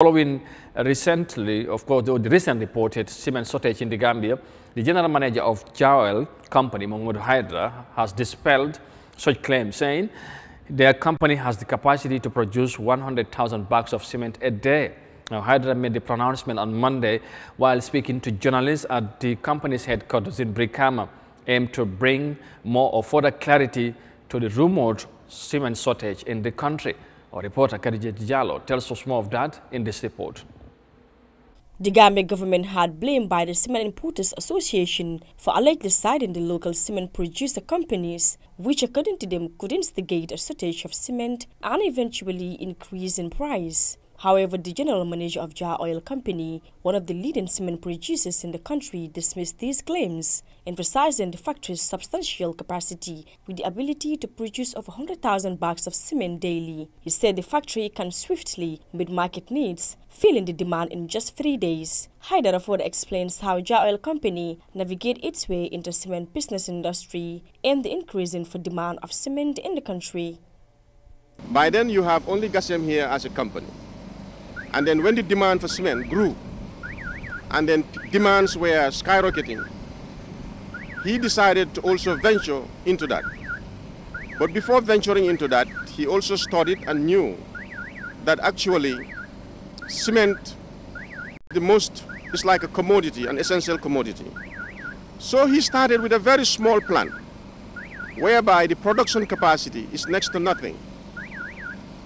Following recently, of course, the recent reported cement shortage in the Gambia, the general manager of Jowel company, Mohamed Hydra, has dispelled such claims, saying their company has the capacity to produce 100,000 bags of cement a day. Now, Hydra made the pronouncement on Monday while speaking to journalists at the company's headquarters in Brikama, aimed to bring more or further clarity to the rumored cement shortage in the country. Our reporter Khadija Diallo tells us more of that in this report. The Gambia government had blamed by the Cement Importers Association for allegedly siding the local cement producer companies, which according to them could instigate a shortage of cement and eventually increase in price. However, the general manager of Jah Oil Company, one of the leading cement producers in the country, dismissed these claims, emphasizing the factory's substantial capacity with the ability to produce over 100,000 bags of cement daily. He said the factory can swiftly meet market needs, filling the demand in just three days. Haidar Ford explains how Jah Oil Company navigate its way into cement business industry and the increasing for demand of cement in the country. By then, you have only Gassim here as a company. And then when the demand for cement grew, and then demands were skyrocketing, he decided to also venture into that. But before venturing into that, he also studied and knew that actually cement, the most, is like a commodity, an essential commodity. So he started with a very small plant, whereby the production capacity is next to nothing.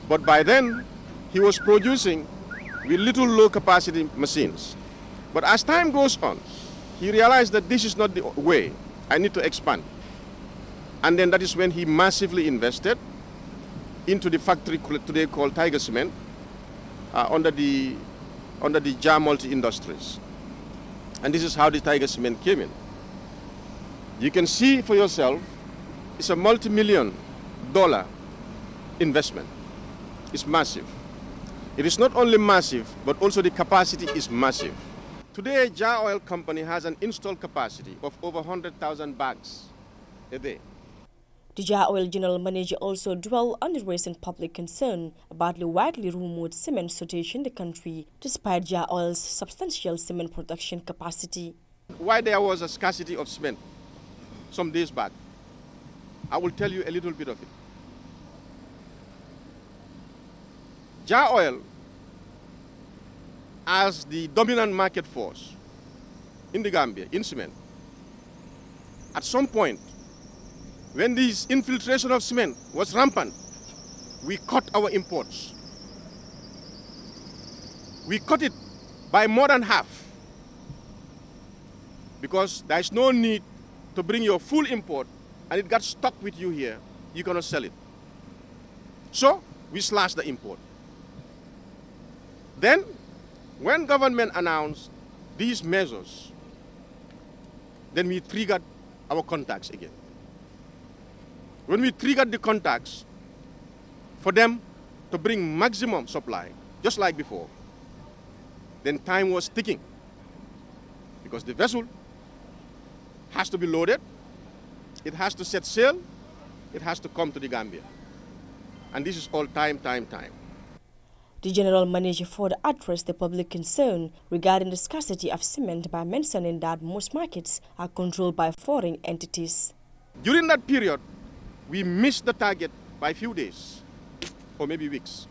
But by then, he was producing with little low capacity machines. But as time goes on, he realized that this is not the way. I need to expand. And then that is when he massively invested into the factory today called Tiger Cement uh, under the under the JAR Multi Industries. And this is how the Tiger Cement came in. You can see for yourself, it's a multi-million dollar investment. It's massive. It is not only massive, but also the capacity is massive. Today, Jar Oil Company has an installed capacity of over 100,000 bags a day. The Jar Oil General Manager also dwelled on the recent public concern about the widely rumored cement shortage in the country, despite Jar Oil's substantial cement production capacity. Why there was a scarcity of cement some days back, I will tell you a little bit of it. jar oil as the dominant market force in the Gambia, in cement, at some point, when this infiltration of cement was rampant, we cut our imports. We cut it by more than half because there is no need to bring your full import and it got stuck with you here. You cannot sell it. So we slashed the import. Then, when government announced these measures, then we triggered our contacts again. When we triggered the contacts for them to bring maximum supply, just like before, then time was ticking because the vessel has to be loaded, it has to set sail, it has to come to the Gambia. And this is all time, time, time. The general manager further addressed the public concern regarding the scarcity of cement by mentioning that most markets are controlled by foreign entities. During that period, we missed the target by a few days, or maybe weeks,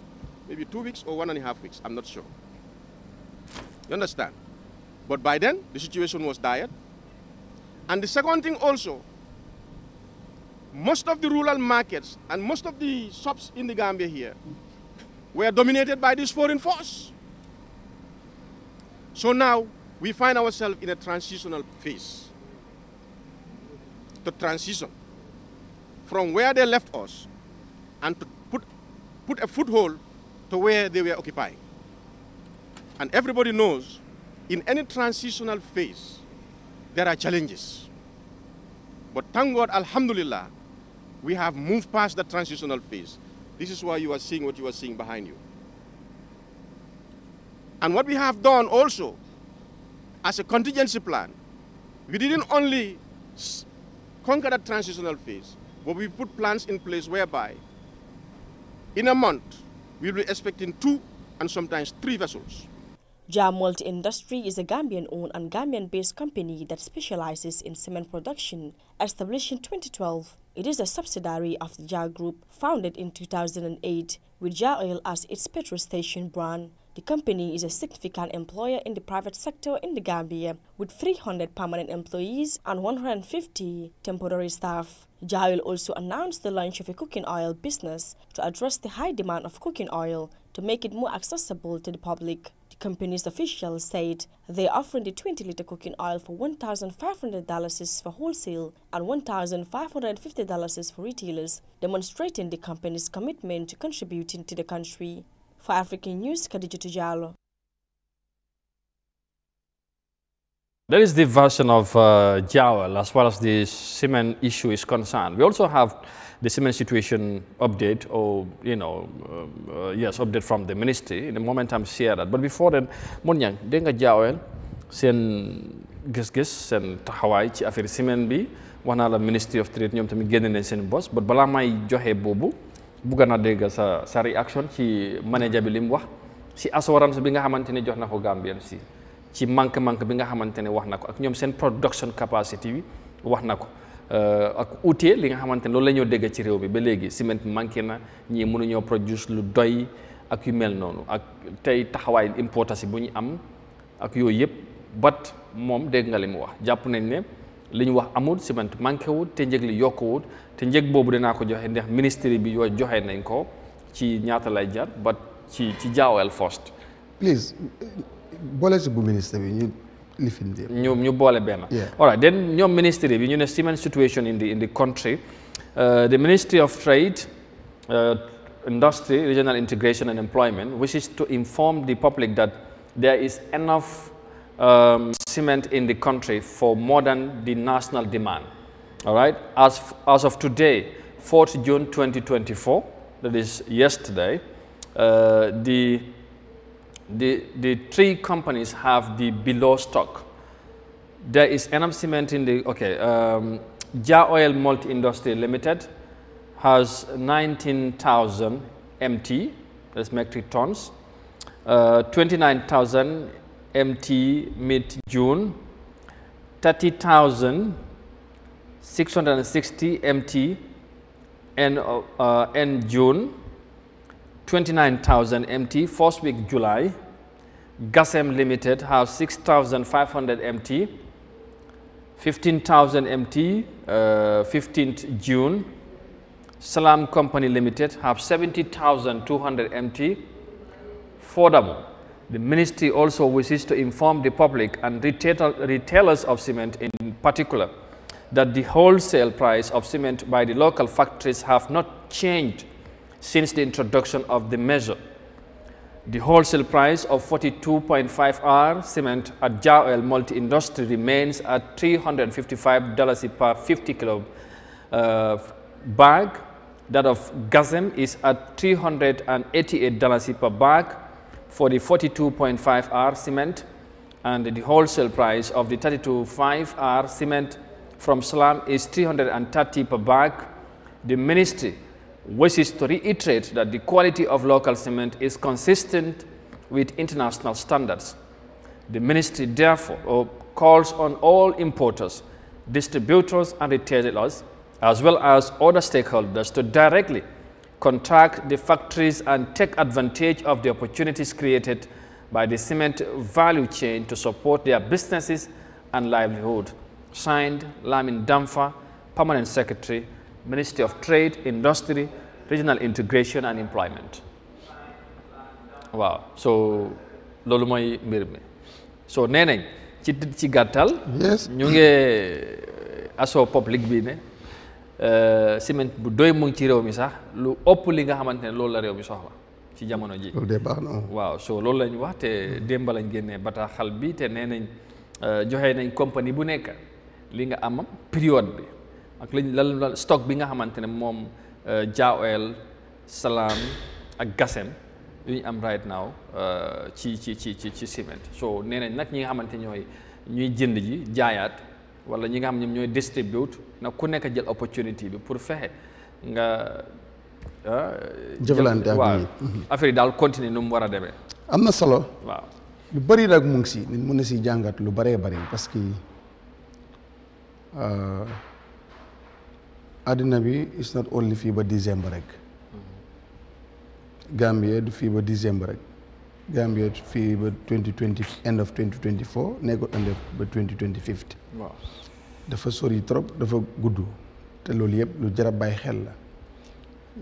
maybe two weeks or one and a half weeks, I'm not sure. You understand? But by then, the situation was dire. And the second thing also, most of the rural markets and most of the shops in the Gambia here we are dominated by this foreign force. So now we find ourselves in a transitional phase. The transition from where they left us and to put, put a foothold to where they were occupying. And everybody knows in any transitional phase, there are challenges. But thank God, Alhamdulillah, we have moved past the transitional phase. This is why you are seeing what you are seeing behind you. And what we have done also as a contingency plan, we didn't only conquer that transitional phase, but we put plans in place whereby in a month we'll be expecting two and sometimes three vessels. Jamolt Industry is a Gambian-owned and Gambian-based company that specializes in cement production, established in 2012 it is a subsidiary of the JAR Group, founded in 2008 with JAR Oil as its petrol station brand. The company is a significant employer in the private sector in the Gambia, with 300 permanent employees and 150 temporary staff. Jail also announced the launch of a cooking oil business to address the high demand of cooking oil to make it more accessible to the public company's officials said they're offering the 20-litre cooking oil for $1,500 for wholesale and $1,550 for retailers, demonstrating the company's commitment to contributing to the country. For African News, Khadija Tujalo. There is the version of uh, Jowl as far as the Siemens issue is concerned. We also have the Siemens situation update or, you know, uh, uh, yes, update from the ministry in a moment I'm share that. But before then, Monyang, denga Jowl, sen gis-gis Sen taxawaay ci afir semaine bi wax la ministry of trade ñoom tami génne nañ seen but balamai johe Bobu, Bugana bugga naa dégg sa sa réaction manager bi si assurance bi nga xamante ne Gambian na si ci manque manque bi nga xamante ne wax na ko ak ñoom seen production capacity bi wax na ko euh, ak outil li nga xamante ne loolu lañoo ñoo dégg ci réew mi ba léegi ciment manqué na ñii mënuñoo produce lu doy ak yu mel noonu ak tey taxawaayu importance bu ñu am ak yooyu yëpp bat moom dégg nga li mu wax jàpp nañ ne li ñu wax amul ciment manqué wut te njëg li yokkuwut te njëg boobu danaa ko joxe ndax ministère bi yooyu joxe nañ ko ci ñaata lay jar bat ci ci jaawel boole bu ministre ñu lifin ñu ñu boole benn. all right then your ministry bi ñu ne cement situation in the in the country uh, the Ministry of Trade. Uh, Industry, Regional Integration and Employment wishes to inform the public that there is enough um, cement in the country for more than the national demand. All right, as, as of today, 4th June 2024, that is yesterday, uh, the the, the three companies have the below stock. There is Enam Cement in the, okay, um, Jar Oil Malt Industry Limited has 19,000 MT, that's metric tons, uh, 29,000 MT mid-June, 30,660 MT end, uh, end June, 29,000 MT first week July, Gasem Limited have 6,500 MT, 15,000 MT, uh, 15th June. Salam Company Limited have 70,200 MT. Furthermore, the ministry also wishes to inform the public and retailers of cement in particular that the wholesale price of cement by the local factories have not changed since the introduction of the measure. The wholesale price of 42.5 R cement at Jawel Multi Industry remains at $355 per 50 kilo uh, bag. That of Gazem is at $388 per bag for the 42.5 R cement and the wholesale price of the 32.5 R cement from Slam is 330 per bag. The ministry wishes to reiterate that the quality of local cement is consistent with international standards. The ministry therefore oh, calls on all importers, distributors and retailers as well as other stakeholders to directly contract the factories and take advantage of the opportunities created by the cement value chain to support their businesses and livelihood. Signed, Lamin Damfa, Permanent Secretary, Ministry of Trade, Industry, Regional Integration and Employment Wow, so loolu moy mbir so neneng, ci ci ci yes. ñu ngi asso public bi ne eh, ciment bu doy mu ci rew mi sax lu upp li nga xamantene lolu la rew mi soxla ci jamono ji. lolu débat non so lolu lañ wax té demba lañ halbi xal bi té nenañ euh joxé nañ compagnie bu nekk li nga am période bi. ak lañ lan stock bi nga xamante ne moom euh, Jaa Oil ak Gasem yu ñu am right now euh, ci ci ci ci ci ciment so nee nag ñi nga xamante ñooy ñuy jënd ji jaayaat wala ñi nga xam ñoom ñooy distribute nag ku nekk jël opportunity bi pour fexe nga euh, jëflante ak mm-hmm. affaire daal continuer nu mu war a demee am na solo waaw lu bëri nag mu si nit mën na si jàngat lu bëree bëri parce que àddina bi it's not only February December. décembre rek December. du February rek 2020 end of 2024 nekkul end of 2025. waaw dafa sori trop dafa gudd te loolu yëpp lu jar a xel la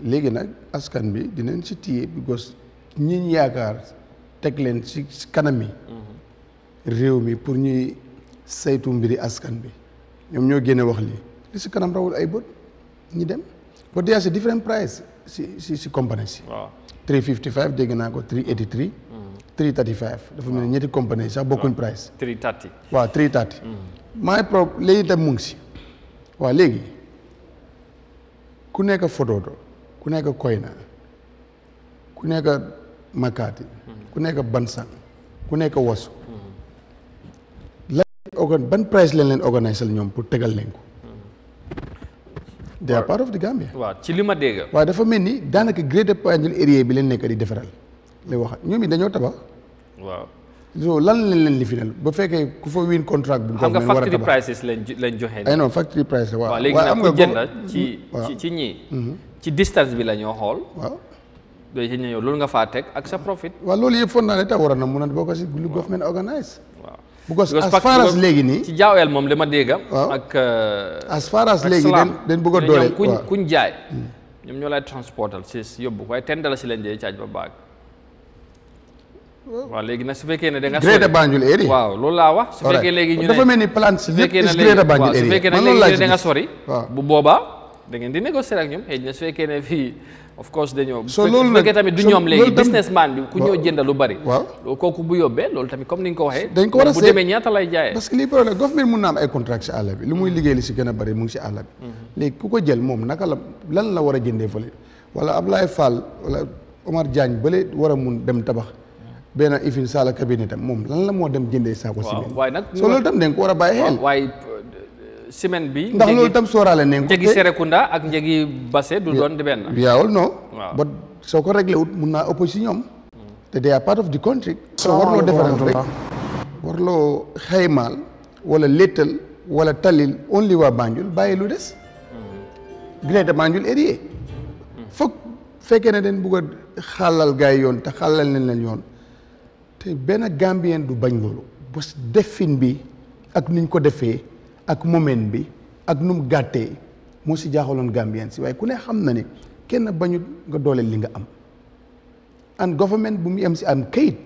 léegi nag askan bi dinañ because ñiñ yaakaar teg leen si kanami. yi mm-hmm. réew mi pour ñuy saytu mbiri askan bi ñoom ñoo wax li kanam rawul ay ñu dem but there are different price si si si companies. waaw 355 dégg naa ko 383. 335 mm. dafa mel ni ñetti compagnie sax bokkuñ price. 330 waaw 330. maay mm. pro léegi itam mu ngi si waaw léegi ku nekk Fototo ku nekk Koyna ku nekk Makati mm. ku nekk Bansang ku nekk Wasu. lan ban price lañ leen organiser ñoom pour tegal leen ko. they are part of the Gambia. waaw ci li ma dégg. waa dafa mel ni daanaka Greater Banjul area bi leen nekk di defaral lay wax ñoom it dañoo tabax. waaw. so lan lañ leen lifinal ba fekkee ku fa win contract bu xam nga factory prices lañ lañ joxe. ay non factory price waaw waaw léegi nag ku jënd ci ci ci ñii. Mm-hmm. ci distance bi la ñoo xool. waa doy loolu nga faa teg ak sa profit. waaw loolu yëpp foog naa ne tax war na mun a bokk si lu government organise. because euh, as far as léegi nii ci jaaweel moom dama dégga dégg ak as far as léegi dañ bëgg a doole kuñ kuñ jaay hmm. ñoom ñoo lay transportal si yóbbu waaye ten dalasi lañ dee caaj ba baag hmm. waaw léegi nag su fekkee ne da nga. Greater Banjul waaw loolu laa wax. su fekkee léegi ñu ne dafa mel ni plan si Greater Banjul area su fekkee ne léegi da nga sori. bu boobaa da ngeen di négocier ak ñoom xëy na su fekkee ne fii. of course dañoo. so loolu nag tamit du ñoom léegi businessman bi ku ñëw jënd lu bari. waaw kooku bu yóbbee loolu tamit comme ni ko waxee. dañ ko war a bu parce que lii problème government mun na am ay contrat si àll bi li muy liggéey li si gën a bari mu si àll bi. Mhm. léegi ku ko jël moom naka la lan la war a jëndee fële wala Ablaye Fall wala Omar Diagne bële war a mun dem tabax. benn ifin saala cabinet tam moom lan la moo dem jëndee saako. waaw waaye nag so loolu tam a semaine bi. ndax loolu tam sóoraale nañ ko te njëgi Serekunda ak njëgi Basse du doon di benn. yaawul non. waaw ba soo ko réglé wut mun naa ëpp si ñoom. te day part of the country. soo ah, warloo defaral rek warloo xaymaal wala léttal wala talil only waa Banjul bàyyi lu des. Hmm. Greater Banjul area. Hmm. foog fekkee ne dañ bugg a xàllal yoon te xàllal nañ leen yoon te benn Gambien du bañ loolu. parce que defin bi ak niñ ko defee. ak moment bi ak num mu mo ci jaxalon Gambien ci way ku ne xam na ne kenn bañu nga dole li nga am and government bu mi am si am kayit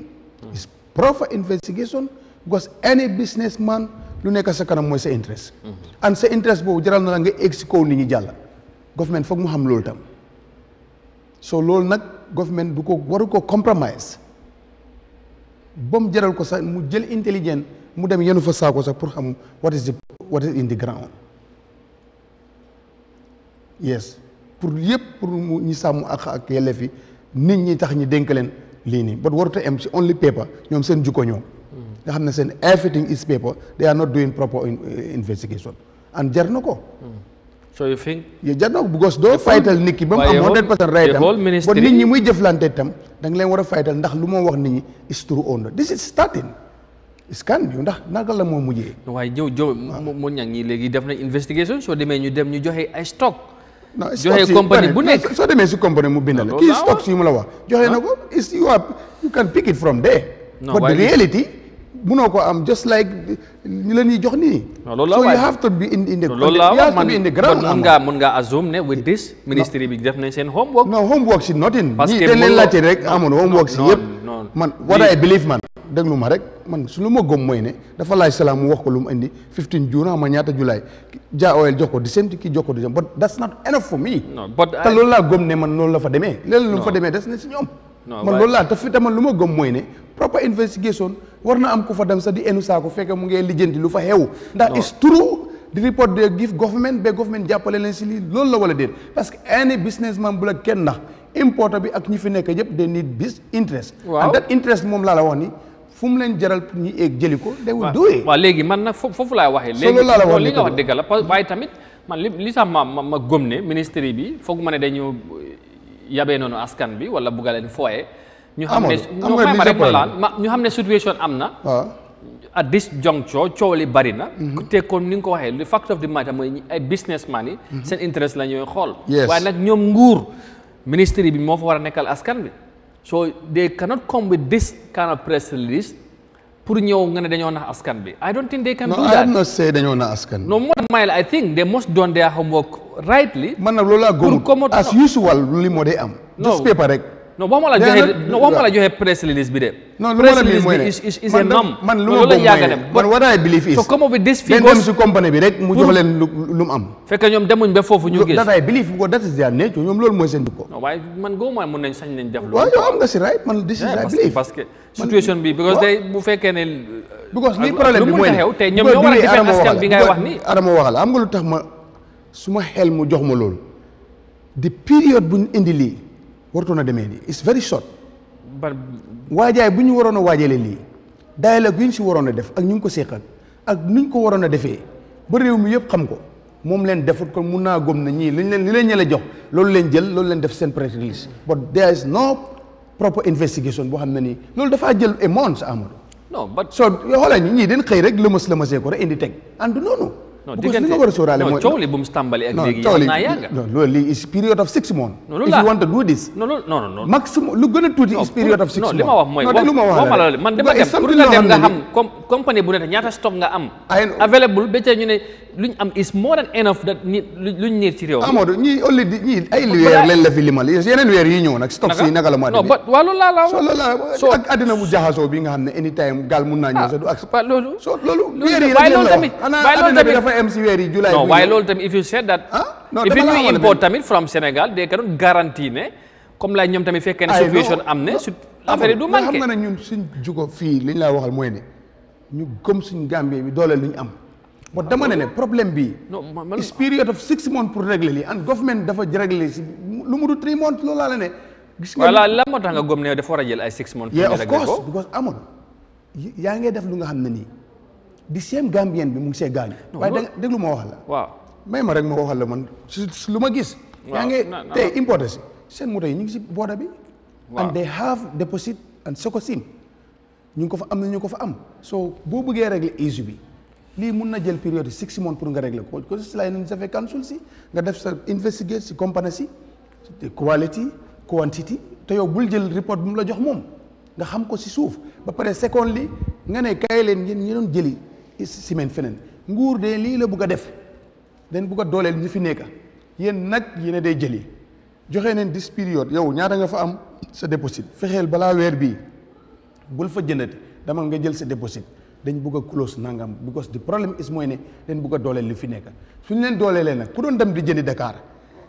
is proper investigation because any businessman lu nek sa kanam moy sa interest mhm. and sa interest bo jaral na nga egg ñi jall government foog mu xam lool tam so lool nak government du ko waru ko compromise bom jaral ko sa mu jël intelligent mu dem yenu fa ko sa pour xam what is the what is in the ground yes pour yëpp pour mu ñu sàmm ak ak yelleef yi nit ñi tax ñi denk leen lii nii but warut em am ci only paper ñoom seen jukko ñoom nga xam ne seen everything is paper they are not doing proper eh, investigation and jar na ko so you jar na ko because doo faytal nit ki ba mu am hundred nit ñi muy jëflante tam da nga leen war faytal ndax lu moo wax nit ñi is true or not this is starting scan bi ndax nagal la mo mujjé way jow jow ah. mu ñangi légui def na investigation So, démé ñu dem ñu joxé ay stock. Nah, joxé company compagnie bu nek so démé ci compagnie mu bindal nah, kii stock si mu la wax joxé nah. nako is you can pick it from there. but the reality. munoo ko am just like ñu leen ñuy jox nii. loolu la waay so you have to be in in the. loolu la waay man mun ngaa mun ngaa assume ne bi def nañ seen homework. non homework si nothing. parce que leen laajte rek amul homework si yëpp. man what I believe man. déglu ma rek man su lu ma gëm mooy ne dafa laaj salaam mu wax ko lu mu indi 15 juin xam nga ñaata julaay jaa oil jox ko di same kii jox ko di same but that's not enough for me. te loolu laa gëm ne man noonu la fa demee. léeg-léeg lu mu fa demee des na si ñoom. man loolu laa te fi tamit lu ma gëm mooy ne proper investigation war na am ku fa dem sax di enu saako fekk mu ngee lijjanti lu fa xew ndax is true di report de give government ba government jàppale leen si lii loolu la wala déet parce que any businessman bu la kenn ndax importer bi ak ñi fi nekk yëpp they need business interest and that interest moom laa la wax ni fu mu leen jaral pour ñu eeg jëli ko day wul doyee waaw léegi man nag foofu laa waxee léegi laa la wax li nga wax dëgg la waaye tamit man li sax ma ma gëm ne ministre bi foog ma ne dañoo yabee noonu askan bi wala bugga leen fooye ñu xam ne ñu xam ne situation am na ah. at this juncture coow li bari na mm-hmm. te kon ni nga ko waxee le fact of the matter mooy ay businessman yi mm-hmm. seen interest la ñooy xool waaye nag ñoom nguur ministry bi moo fa war a nekkal askan bi so they cannot come with this kind of press release pour ñëw nga ne dañoo nax askan bi I don't think they can no not say dañoo na askan bi. non moo tax may la I think they must done their homework rightly. man nag loolu laa gëmul as usual li moo day am. just paper rek. non boo ma la joxee press release bi de. non lu ma la bii mooy man man lu mu am. fekk ñoom demuñ ba foofu ñu gis. that I believe ko that is their nature ñoom loolu mooy seen dugg. non man góobamaa mun nañ sañ nañ def loolu. waaw ne. because ni problème ne. lu mun a xew te ñoom ñoo war a defee askan bi ngay wax ni. Adama waxal am nga lu tax ma. su ma xel mu jox ma loolu di période bu ñu indi lii wartoon a demee nii it's very short. waajaay bu ñu waroon a waajalee lii dialogue yi ñu si waroon a def ak ñu ngi ko seqal ak nuñ ko waroon a defee ba réew mi yëpp xam ko moom leen defut ko mun naa gom na ñii liñ leen li leen ñële jox loolu leen jël loolu leen def seen press release but there is no proper investigation boo xam ne nii loolu dafaa jël a month Amadou. no but soo xoolee ñii dañ xëy rek lëmas lëmasee ko rek indi teg and noonu. non because li nga war a sóoraale mooy coow li bu mu tàmbali ak léegi coow li non loolu li is period of six months non loolu if you want to do this non non non maximum lu gën a tuuti is period of six months non li ma wax mooy non lu ma wax la loolu man dama dem pour nga dem nga xam comme compagnie bu nekk ñaata stock nga am available ba ñu ne luñ am is more than enough that luñ niir ci réew mi Amadou ñii olli di ñii ay weer leen la fi limal yeneen weer yi ñëw nag stock si naka la ma non waaw loolu laa la so loolu la ah, ak àddina bu jaxasoo bi nga xam ne anytime gaal mun naa ñëw sa du ak loolu so loolu weer yi rek la wax a am si weer july non waaye lol tam if you said that if you import tamit from Senegal, they cannot guarantee ne comme lay ñom tamit fekké ne situation amné affaire du manqué xam nga ñun suñ jugo fi liñ la waxal moy ne ñu gëm suñ Gambie bi dooleel liñ am Mo dama ne ne problème bi is period of six months pour régler li and government dafa régler ci lu mu du three months lol laa la ne gis nga voilà lan moo tax nga gëm ne dafa wara a jël ay 6 months yeah of course because amoon Ya nga def lu nga xamné ni di seen gambien bi mu ngi see gaañu. waaye da déglu ma waxal la. waaw may ma rek ma waxal la man su lu ma gis. yaa ngi tey importé seen moto yi ñu ngi si booda bi. and they have deposit and sokosim ñu ngi ko fa am na ñu ko fa am soo boo bëggee régler issue bi lii mun na jël période six mois pour nga régler ko ko si laay nañ sa fee council si nga def sa investigate si compagnie si quality quantity te yow bul jël report bi mu la jox moom nga xam ko si suuf ba pare second li nga ne kaay leen yéen ñi doon jëli semaine fenen nguur de li la bugg def then buka a dooleel ñi fi nekk yéen nak yene day jëli joxe neen dis period yow ñaata nga fa am sa deposit fexel bala weer bi bul fa jëndati dama nga jël sa deposit dañ bugg close nangam because the problem is moy ne den bugg a li fi lena. suñ leen nak ku doon dem di jëndi Dakar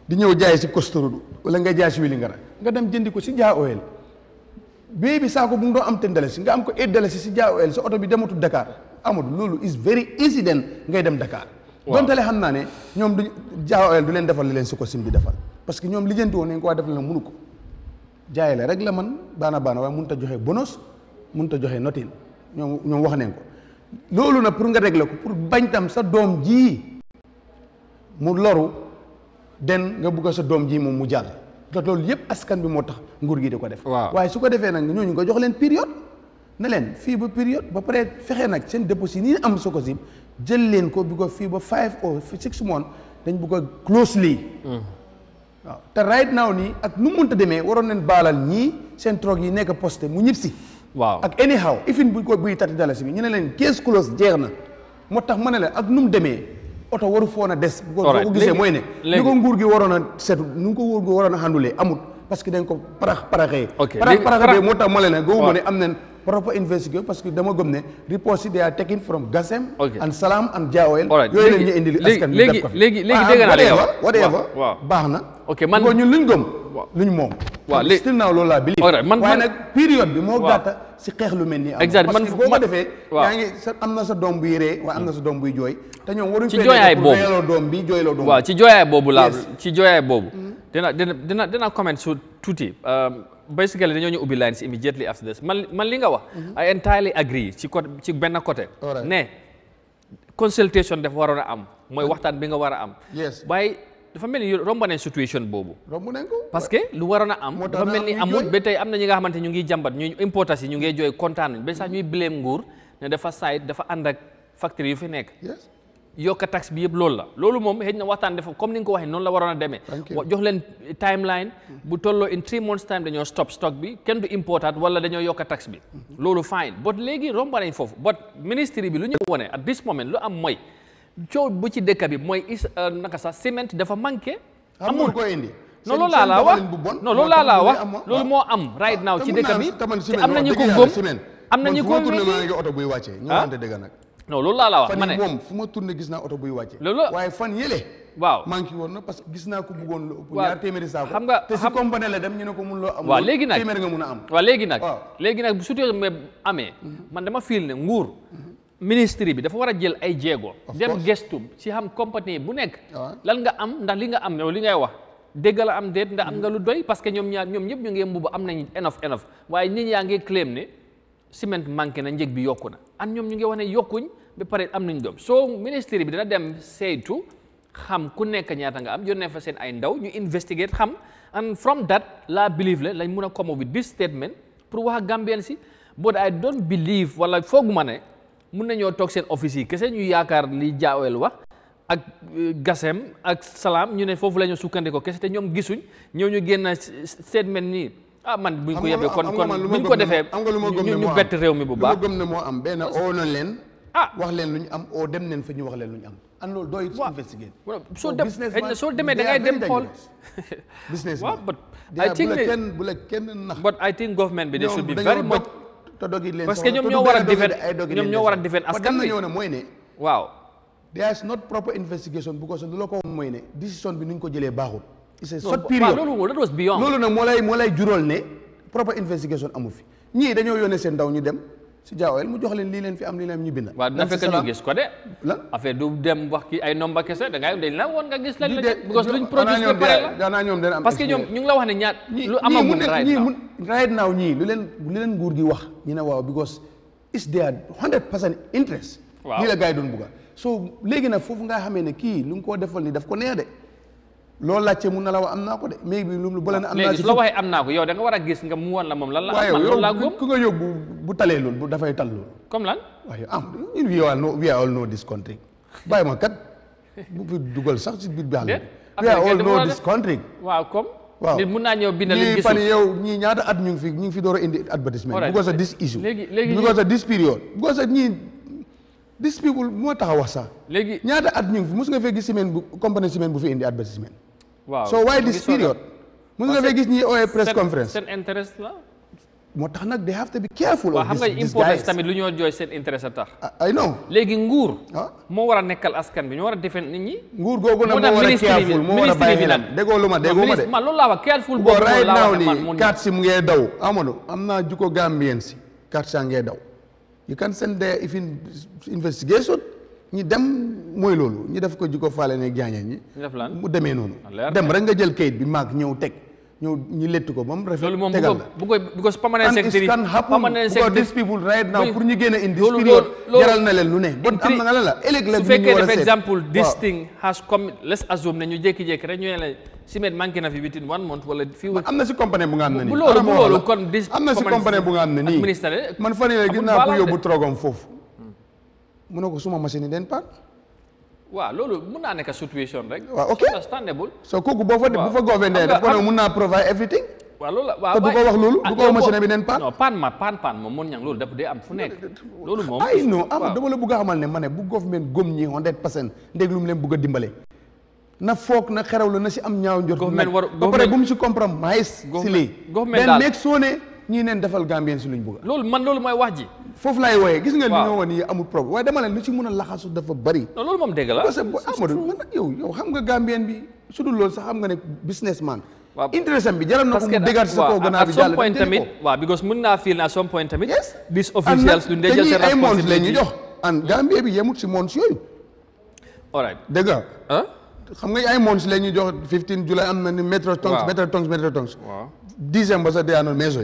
di ñew jaay si Costorodu wala nga jaay si Wellingara nga dem jëndi ko jah jaa oyel bébé bi saako bu ngi do am ten ci nga am ko édalé ci si jaa oil, sa auto bi dematu Dakar amul lulu is very then ngay dem Dakar. don tale xam naa ne ñoom du jaawel du len defal len leen su ko sim bi defal. parce que ñom lijeenti won ko defal na mënu ko rek la man bana bana way mënut joxe bonus munta a joxe notin ñom ñom wax nañ ko. lolu na pour nga régler ko pour bañ tam sa dom ji mu loru den nga bëgg sa dom ji moom mu jall da lolu yëpp askan bi moo tax nguur gi di ko def. waye su ko defee nag ñooñu jox len période ne leen period ba période ba pare fexé nak sen dépôt ni am jël len ko bi ko fi ba five or 6 mois dañ bu ko closely mm-hmm. Ter ta right now ni ak nu munta démé waron len balal ni sen trog yi poste posté mu ñibsi wow ak anyhow ifin bu ko buy tat dalasi bi ñu ne leen case close jeex motax manela ak num démé auto waru fona dess des bu ko ko gisee mooy ni ko nguur gi warona set nu ko nguur gi warona handulé amut parce que dañ ko parax paraxee parax parah moo tax ma ne la gowuma ne amnen proper investigation parce que dama gëm né reports yi they are taken from Gassem and Salam and Diawel yoy leen ñu indi askan bi légui légui légui ah, dégg naa la yow whatever baax na ok man ñu luñ gëm luñ mom wa still now lola believe believe man waaye période bi mo gàtta ci xeex lu melni am parce que bo ma defee ya ngi sa am sa dom bu yéré wa amna na sa doom buy jooy te ñoom waruñ ci jooyaay boobu reeloo dom bi jooyloo dom wa ci jooyaay bobu la ci jooyaay boobu mm-hmm. dina dina dina dina comment touti euh basically dañoo ñu ubbi line si immediately after this man man li nga wax. Mhm. I entirely agree ci côté ci benn côté. ne consultation dafa waroon am mooy mm. waxtaan bi nga war a am. yes waaye dafa mel ni romb nañ situation boobu. romb nañ ko que lu waroon a am. dafa mel ni amut ba tey am na ñi nga xamante ñu ngi jàmbat ñu importers yi ñu ngi jooy kontaan nañ ba sax ñuy blame nguur ne dafa saay dafa ànd ak factory yu fi nekk. yokk tax bi yëpp loolu la loolu moom xëy na waxtaan dafa comme ni nga ko waxee noonu la waroon a demee jox leen timeline mm-hmm. bu tolloo in three months time dañoo stock bi kenn du importaat wala dañoo yokk tax bi mm-hmm. loolu fine but léegi romba foofu but ministry bi lu ñu wone at this moment lu am mooy coow bu ci dëkk bi mooy euh, naka sax ciment dafa manqué ah, amul ko indi non loolu laa wax non loolu laa laa wax loolu moo am ah, right now ci dëkk bi te am nañu ko góom am nañu ko oto buy wàccee ah? ñu nag non loolu laa la wax ma ne moom fu ma tourné gis naa oto buy wàcce loolu waaye fan yële waaw manqué woon na parce que gis naa ko bëggoon lu ëpp ñaar téeméeri saako xam nga te si compagnie la dem ñu ne loo am waaw léegi nag téeméer nga mun a am waaw léegi nag léegi nag bu sutur amee man dama fiil ne nguur ministre bi dafa war a jël ay jéego dem gestu si xam compagnie bu nekk lan nga am ndax li nga am ne li ngay wax dégg la am déet ndax am nga lu doy parce que ñoom ñaar ñoom ñëpp ñu ngi mbubu am nañ enof enof waaye nit yaa ngi claim ne ciment manqué na njëg bi yokku na an ñoom ñu ngi wax ne yokkuñ ba pare am nañ doom soo ministère bi dina dem saytu xam ku nekk ñaata nga am ne fa seen ay ndaw ñu investigate xam and from that la believe la lañ mun a come up with this statement pour wax ak Gambien si but I don't believe wala fooguma ne mun nañoo toog seen office yi kese ñu yaakaar li jaaweel wax ak eh, gasem ak salaam ñu ne foofu la ñu sukkandikoo kese te ñoom gisuñ ñëw génn statement nii ah man bu ñu ko yebee kon kon bu ñu ko defee ñu bett réew mi bu baax lu ma gëm ne moo am benn oo na leen ah wax leen lu ñu am oo dem leen fa ñu wax leen lu ñu am an loolu doy su soo dem soo demee da ngay dem xool business waaw I think bu la kenn nax but I think government bi they should be very much te dogi leen parce que ñoom ñoo war a defend ñoom ñoo a defend askan wi ñëw ne mooy ne waaw there is not proper investigation because lu la ko mooy ne décision bi ni ñu ko jëlee baaxul c'est short période loolu nag moo lay moo lay juróol ne proper investigation amu fi ñii dañoo yónnee seen ndaw ñu dem si jaawel mu jox leen lii leen fi am lii leen ñu bind. waaw dina fekk ñu gis ko de. lan affaire du dem que luñ produit ba pare now ñii lu leen lu nguur gi wax ñu ne waaw because is there hundred percent interest. lii la gars yi doon bugga so léegi na foofu ngaa xamee ne kii lu nga koo defal ni daf ko neex de loo laajte mun na la wax am naa ko de mais bi lu bu la ne am naa ci su la waxee am naa ko yow da nga war a gis nga mu woon la moom lan la am loolu laa góob ku nga yóbbu bu talee loolu bu dafay tal loolu comme lan waaw yow am in we all know we are all know this country bàyyi ma kat bu fi dugal sax ci biir baax we are all know this country waaw comme waaw nit mun naa ñëw bindal gisul ñii fan yow ñii ñaata at ñu ngi fi ñu ngi fi door a indi advertisement because of this issue because of this period because of ñii this people moo tax a wax sax léegi ñaata at ñu ngi fi mos nga fee gis semaine bu compagnie semaine bu fi indi advertisement waaw so why this period mun nga fee gis ñi ooyee press conference seen intérêt la moo tax nag they have to be careful of this guys xam nga lu ñoo jooy seen intérêt a tax I know léegi nguur ah? moo war a nekkal askan bi ñoo war a defend nit ñi nguur googu nag moo war a careful moo war a bàyyi xelam déggoo lu ma déggoo ma de man loolu laa wax careful boobu right now nii carte si mu ngee daw amono am naa jukko Gambien si carte saa ngee daw you can send there if investigation ñi dem mooy loolu ñi def ko ji ko faale ne jaaña ñi mu demee noonu ah, dem rek nga jël kayit bi maag ñëw teg ñëw ñu létt ko moom rafet tegal la bu ko because permanent secretary can happen because pour ñu génn in this period jaral na leen lu ne bon am na la la ëllëg la su fekkee def na fi within one month wala fii am na si compagnie bu nga am na si compagnie bu nga am ne nii man fan yii trogom foofu mu ne ko suma machine yi den paan waaw loolu mun naa nekk situation rek. ok soo kooku boo fa bu fa gouverneur daf ko ne mun naa provide everything. waaw loolu loolu. du ah, ko wax machine bi neen paan. non paan ma paan paan moom mun nañu loolu daf day am fu nekk. ay non am dama la bëgg a ne ma ne bu government gom ñi hundred percent ndeg lu mu leen bëgg dimbale. na foog na xeraw la na si am ñaaw njort. government war ba pare bu mu si compromise. si lii government daal nekk soo ne ñii neen defal Gambien si luñ bëgg. loolu man loolu mooy wax ji. foofu laay wooyee gis nga li nga woon yi amul problème waaye dama leen lu ci a laxasu dafa bari non loolu moom dégg xam nga Gambien bi su dul loolu sax xam nga ne businessman waaw intéressant bi jaral na ko mu bi jàll point tamit waaw because mun naa feel na some point tamit yes these officials jox an hmm. Gambie bi yemut si mons yooyu all right dégg nga xam ay mons la jox July am na ni métro tongs métro tongs métro sa dee anoon maison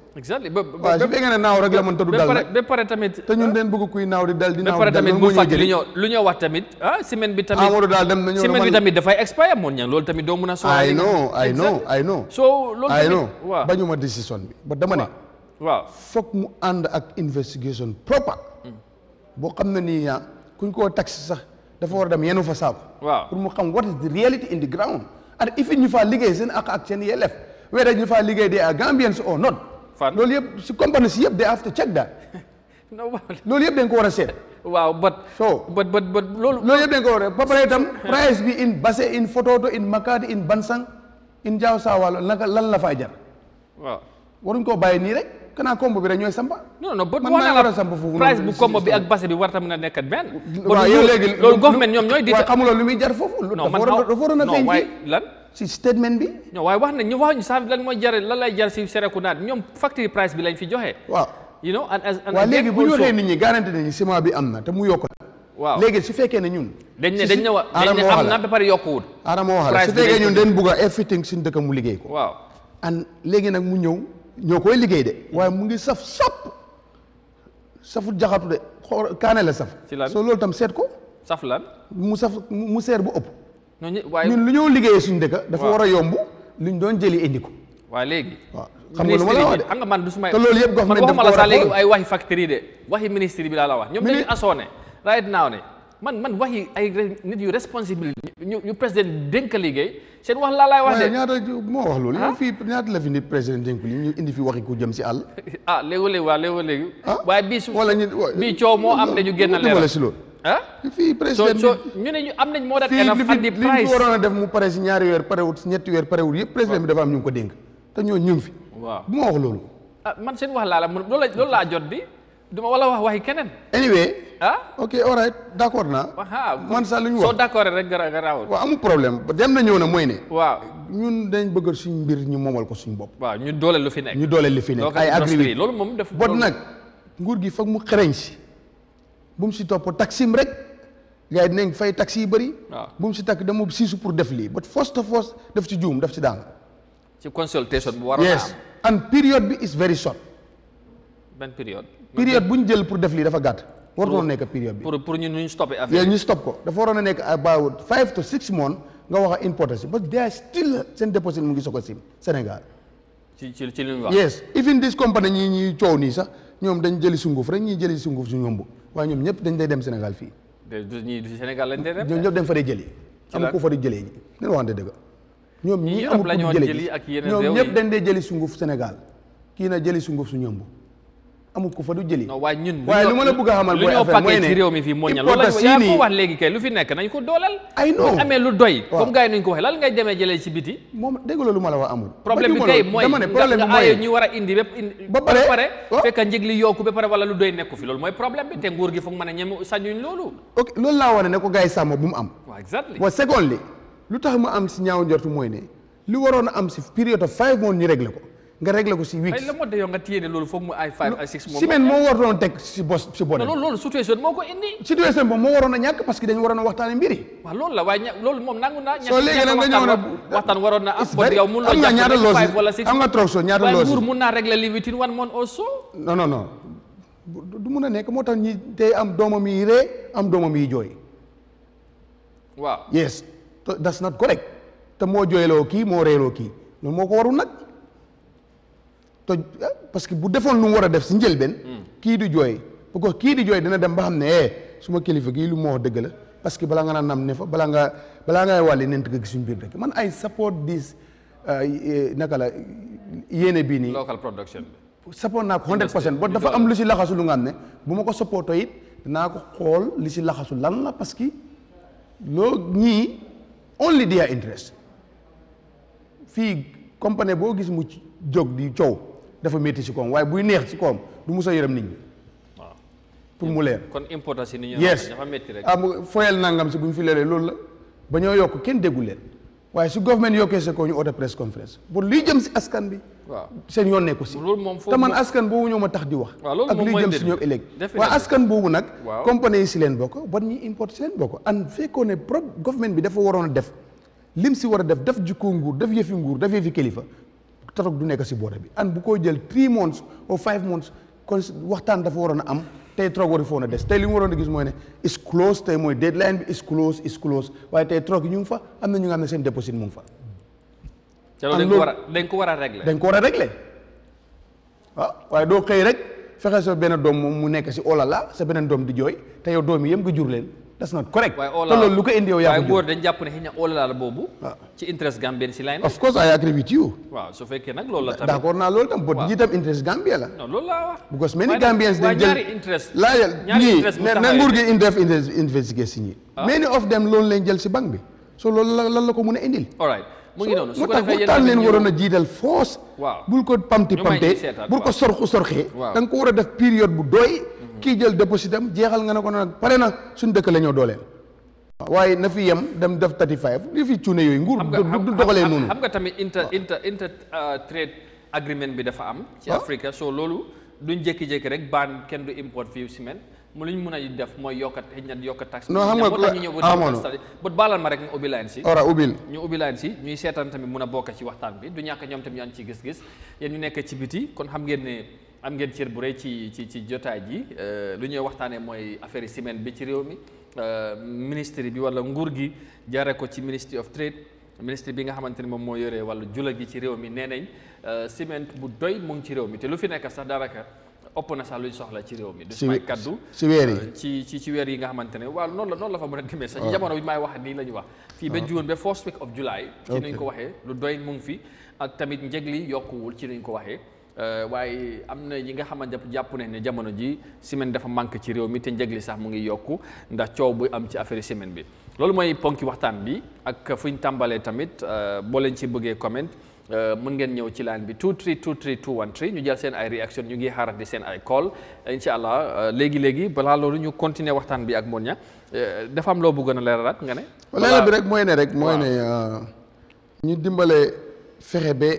exactly ba waaw su fekkee ne naaw rek la mën tëdu dal ba pare tamit te ñun ah? den bëgg kuy naaw di dal di naaw di dal mu fàtte lu ñoo lu ñoo wax ah? bi tamit Amadou daal dem nañu semaine bi tamit dafay expire moon ñang loolu tamit doo mun a so ay non ay non ay non so loolu tamit waaw bañu ma décision bi ba dama hmm. boo xam ne nii yaa kuñ koo taxi sax dafa war a dem yenu fa waaw pour mu xam what is the reality ñu faa liggéey seen ak ak seen yelleef whether ñu faa liggéey dee à Gambians or not fan loolu yëpp si compagnie si yëpp day have to check that loolu yëpp dañ ko war a seet waaw but so but but but loolu loolu yëpp dañ ko war a ba pare itam price bi in Basse in Fototo in Makati in Bansang in Jaaw Saawalo lan la faa jar waaw waruñ koo bàyyi nii rek kanaa combo bi rek ñooy sampa man maa war a samp foofu price bu combo bi ak Basse bi war tam na nekkat benn waaw yow léegi loolu government ñoom ñooy di xamuloo lu muy jar foofu dafa waroon a feeñ lan si statement bi. ñoom waaye wax nañ ñu wax ñu sax lan mooy jare lan lay jar si Serekunda ñoom factory price bi lañ fi joxe. waaw you know and as and waaw léegi bu ñu waxee nit ñi garanti nañu ciment bi am na te mu yokk waaw léegi su fekkee ne ñun. dañ ne dañ ne wa dañ ne am na ba pare yokkuwul. aara moo wax la su fekkee ñun dañ bugg a everything suñu dëkk mu liggéey léegi nag mu ñëw ñoo koy liggéey de. Mm-hmm. waaye mu ngi saf sap safut jaxatu de xool kaane la saf. si lan soo loolu tam seet ko. saf lan mu saf mu seer bu ëpp. ñun lu ñoo liggéeyee suñu dëkk dafa war a yomb ñu doon jëli indi ko waaw léegi waaw xam nga lu ma la wax man du sumay te loolu yëpp government waxuma la sax léegi ay waxi factory de waxi ministre bi laa la wax ñoom dañu asoone right now ne man man wax yi ay nit yu responsabilité ñu ñu président dénk liggéey seen wax laa wax de ñaata moo wax loolu ah? yow fii ñaata la fi nit président dénk li ñu indi fi waxi ku jëm si àll ah léegi léegi waaw léegi léegi ah? waaye bii su wala ñu bii coow moo am dañu génn leeral si loolu ah fii président bi ñu ne ñu am nañ moo daan enaf andi price li def mu pare si ñaari weer parewut si ñetti weer parewut yëpp président bi dafa am ñu ngi ko dénk te ñoo ñu ngi fi waaw bu wax loolu ah man seen wax laa la mun loolu loolu laa jot bi duma wala wax waxi keneen anyway ah ok all right d' accord naa man sax li ñu wax d' accord rek nga raawul waaw amul problème dem na ñëw na mooy ne waaw ñun dañ bëgg suñ mbir ñu moomal ko suñ bopp waa ñu doole lu fi nekk ñu doole lu fi nekk ay loolu moom def bot nag nguur gi foog mu xereñ si bu mu si topp taxim rek gars yi dinañ fay taxi yi bëri. waaw ah. bu mu si takk dama siisu pour def lii ba force to force def si juum daf ci daan. ci consultation bu waroon yes période bi is very short. ban période. bu ñu jël pour def lii dafa gàtt. warutoon nekk période bi pour pour ñun ñu stoppé stop ko dafa waroon a nekk about five to six months nga a importation parce que they are still mu ngi soog a sim Sénégal. ci ci ci li ñu wax. yes even this company ñi ñuy coow nii sax ñoom dañ jëli sunguf rek ñuy jëli sunguf su ñomb waaye ñoom ñëpp dañ day dem Sénégal fii. ñii du Sénégal lañ dee dem. ñoom ñëpp dañ fa dee jëli. ci la am ku fa di jëlee ñi dañu waxante dëgg. ñoom ñii amul ku jëlee ñoom ñëpp dañ dee jëli sunguf Sénégal kii na jëli sunguf su ñëmb amul ko fa du jëli. waaye ñun waaye lu ma la bëgg a xamal. mooy affaire mooy ne ci réew ko wax léegi kay lu fi ko doolal. ay non amee lu doy. comme gars lu ma la wax amul. problème bi a indi ba. ba pare fekk njëg li yokku ba fi loolu mooy problème bi te nguur gi foog mën a ñem sañuñ loolu. ok loolu laa wane ne ko gars yi mu am. waaw exactly wa second li lu tax mu am si ñaaw njortu mooy ne li waroon a am si période of five mois ñu réglé ko nga régler ko ci week la mo dayo nga tiyene loolu foog mu ay 5 ay 6 mois semaine mo waroon tek ci boss ci bonne loolu loolu situation moko indi situation moom mo waroon ñak parce que dañu waroon waxtane mbiri wa loolu la way loolu mom nangu ñak so léegi nak dañu na waxtan waroon na am bo yow mu lo jax 5 wala 6 am nga trop so ñaata loos waaye mu na régler li within one month or non non non du mu na nek moo tax ñi té am domam yi ré am domam yi joy wa yes that's not correct te mo joy lo ki mo ré lo ki moo moko warul nak to eh, parce que bu defon lu wara def ci def ben ki du joy bu ko ki di joy dina dem ba xam eh kilifa gi lu mo wax la parce que bala nga nam ne fa bala nga bala nga wali nent nga suñu bir rek man ay support dis eh, eh, naka la yene bi ni local production. support na 100% bo dafa am lu ci laxasu lu nga ne bu ma ko supportoo it dinaa ko xol li ci laxasu lan la parce que lo ñii only their interest fi compagnie bo gis mu jog di ciow dafa métti ci koom waaye buy neex ci koom du mus a yërëm nit ñi. pour mu leer. kon importation ni ñu dafa métti rek. am ah, foyal nangam si bu ñu fi leeree loolu la ba ñoo yokk kenn déggu leen waaye su government yokkee sa ko ñu oote press conference bon liy jëm si askan bi. waaw seen yoon nekku si. loolu moom te man askan boobu ñoo ma tax di wax. ak liy jëm si ñoom ëllëg. waaye askan boobu nag. compagnie yi si leen bokk ban ñu importe si leen bokk an fekkoo ne pro government bi dafa waroon a def lim si war a def def jikko nguur def yëfi nguur def yëfi kilifa toog du nek si boore bi an bu ko jël three months or five months kon waxtan dafa warona am tay troog wori foon a des tey li mu warona gis moy né is close tay moy deadline bi is close is close way tay troog ñu fa am na ñu nga xam ne seen mu ngi fa. an loolu dañ ko war régler dañ ko wara régler wa ah, way do xey rek fexé so ben dom mu nek si olala oh sa benen dom di joy tay yow dom yi yëm nga jur leen. that's not correct. waaye Ola te loolu lu na Ola la boobu. Ah. ci interest Gambien si laay of course I agree with you. waaw la naa loolu tam bot ñi interest Gambien because many Gambians dañ jël interest. investigation yi. Ah. many of them loolu lañ jël si bi so loolu la ko mun a indil. all mu ngi noonu su ko defee leen waroon a jiital force. waaw bul ko pamti pamte bul ko sorxu sorxee. waaw da ko war a def période bu doy. Mhm. kii jël dépositam jeexal nga ne ko nag pare na suñu dëkk la ñoo dooleel. waaye na fi yem dem def tati five li fi cuune yooyu. nguur du doxalee noonu. xam nga tamit inter inter inter euh, trade agreement bi dafa am. ci ah. Afrique loolu duñ jékki-jékki rek baan kenn du import fii ciment. mu lu ñu mën a def mooy yokkat xëy na yokkat tax xam nga moo tax ñu ñëw ba baalal ma rek nga ubbi line si ora ubbil ñu si ñuy seetaan tamit mun a bokk ci waxtaan bi du ñàkk ñoom tamit ñu am ci gis-gis yéen ñu nekk ci biti kon xam ngeen ne am ngeen cër bu rey ci ci ci jotaay ji euh, lu ñuy waxtaanee mooy affaire yi semaine bi ci réew mi euh, ministre bi wala nguur gi jaare ko ci ministry of trade ministre bi nga xamante ni moom moo yore wàllu jula gi ci réew mi nee nañ euh, semaine bu doy mu ngi ci réew mi te lu fi nekk sax daanaka ëpp na sax luñ soxla ci réew mi. du may kaddu ci weer yi euh, ci ci weer yi nga xamante ne waaw noonu la noonu fa mën a demee sax. Ah. jamono bi may wax nii la ñu wax. fii ba ah. June ba first week of July. ci nuñ ko waxee lu doy mu ngi fi ak tamit njëg li yokkuwul ci nuñ ko waxee. Euh, waaye am na yi nga xamante jàpp nañ ne jamono ji semaine dafa manqué ci réew mi te njëg sax mu ngi yokku ndax coow bu am ci affaire semaine bi. loolu mooy ponki waxtaan bi ak fu ñu tàmbalee tamit euh, boo leen ci bëggee comment. Euh, mun ngeen ñëw ci line bi 23 23 213 ñu jël seen ay réaction ñu ngi xaarandi seen ay call incha allah euh, léegi léegi balaa loolu ñu continuer waxtaan bi ak Monia euh, dafa am loo bëggoon a leeralaat nga ne. leeral bi mooy ne rek. mooy ñu dimbale fexe ba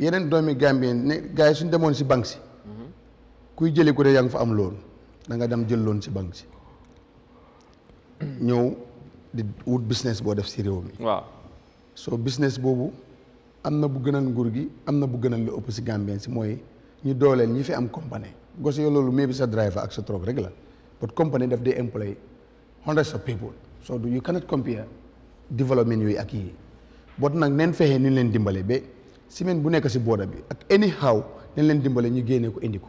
yeneen doomi Gambien ne gars yi demoon si banque si. Mhm. kuy jëlee ko de yaa ngi fa am loon da nga dem jël loon si banque si. ñëw di wut business boo def si réew mi. waaw soo business boobu. amna bu gënal nguur gi amna bu gënal li upp ci Gambien ci moy ñu dooleel ñi fi am company gosse yo lolu maybe sa driver ak sa truck rek la but company daf day employ hundreds of people so do you cannot compare development yu ak yi but nak neen fexé ñu leen dimbalé be semaine bu nekk ci booda bi ak anyhow neen leen dimbalé ñu génnee ko indi ko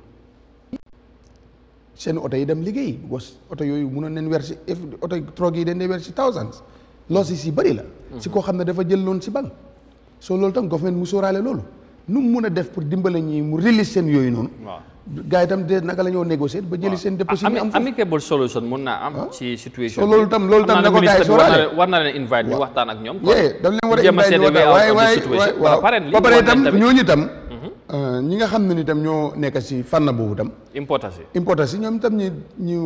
seen auto yi dem liggéey because oto yooyu mëna neen wër ci auto truck yi dañ dee wër ci thousands losses yi si bëri la mm-hmm. ci ko xam dafa jël loon ci bank soo loolu tam government mu sóoraale loolu nu mu mun a def pour dimbale ñi mu release seen yooyu noonu. waaw gars yi tam de naka la ñoo négocier. ba jëli seen déposit ñu am foofu amicable solution mun naa am. Ah. ci situation bi loolu tam loolu tam na ko gars yi sóoraale war a invite ñu waaye waaye waaw ba pare itam ñooñu tam. Mhm. Euh, ñi nga xam ne ni tam ñoo nekk si fànn boobu tam. importance yi importance yi ñoom tam ñu ñu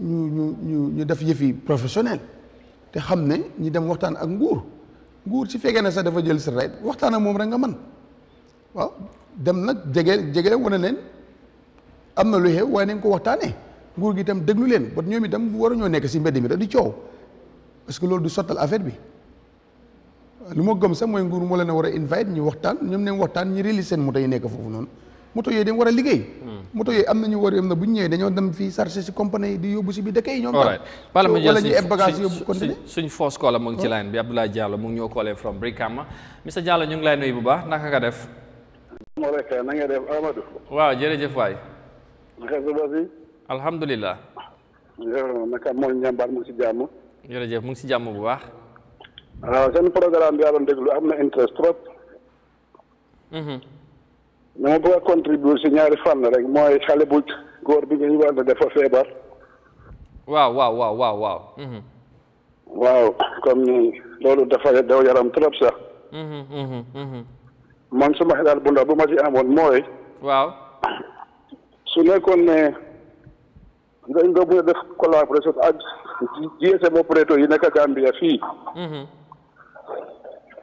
ñu ñu ñu def yëfi professionnel te xam ne ñi dem waxtaan ak nguur nguur si fekkee ne sax dafa jël sa right waxtaan ak moom rek nga man waaw dem nag jege jege wane leen am na lu xew waaye nañ ko waxtaanee nguur gi itam déglu leen ba ñoom itam ñoo nekk si mbedd mi rek di coow parce que loolu du sottal affaire bi li ma gëm sax mooy nguur moo leen a war a invite ñu waxtaan ñoom ne waxtaan ñu réeli seen moto yi nekk foofu noonu. moto yi dañ wara a liggéey hmm. moto yi amna ñu war yam na bu ñu dañu dem fi charger ci compagnie di yóbbu si biir dëkk yi ñoom tam wala ñu eb bagage yóbbu continué suñu force call mo ngi ci line bi Abdoulaye Diallo mo ngi ñoo callé from Brikama monsieur Diallo ñu ngi lay nuyu bu baax naka nga def mo rek na nga def Amadou waaw jërëjëf waay naka si alhamdulilah naka mooy ñambaar mu ngi si jàmm jërëjëf mu ngi bu baax waaw ah, sen programme bi ya doon deglu amna interest trop mm-hmm. dama bëgg a contribuer si ñaari fànn rek mooy xale bu góor bi nga ñu wàll dafa feebar. waaw waaw waaw waaw waaw. Mhm. waaw comme ni loolu dafa daw yaram trop sax. Mhm, mhm, man suma xelaat bu ndaw bu ma ci amoon mooy. waaw. su nekkoon ne nga nga mën a def collaboration ak GSM opérateur yi nekk fi fii.